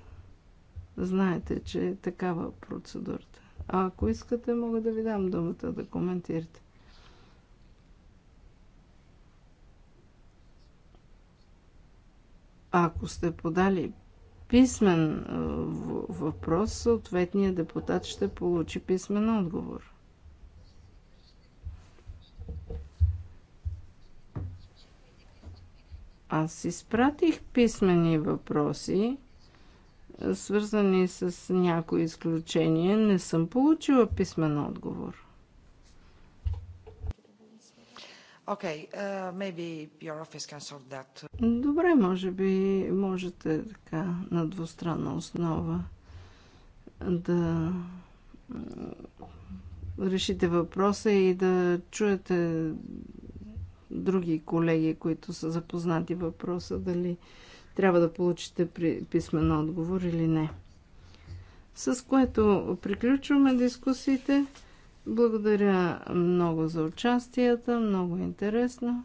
Знаете, че е такава процедурата. А ако искате, мога да ви дам думата да коментирате. Ако сте подали писмен е, въпрос, съответният депутат ще получи писмен отговор. Аз изпратих писмени въпроси, е, свързани с някои изключения. Не съм получила писмен отговор. Okay, uh, maybe your office can sort that. Добре, може би можете така на двустранна основа да решите въпроса и да чуете други колеги, които са запознати въпроса, дали трябва да получите писмен отговор или не. С което приключваме дискусиите. Благодаря много за участията, много интересно.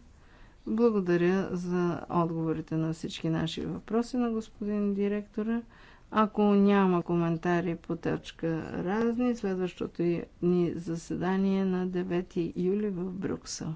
Благодаря за отговорите на всички наши въпроси на господин директора. Ако няма коментари по точка разни, следващото ни заседание на 9 юли в Брюксел.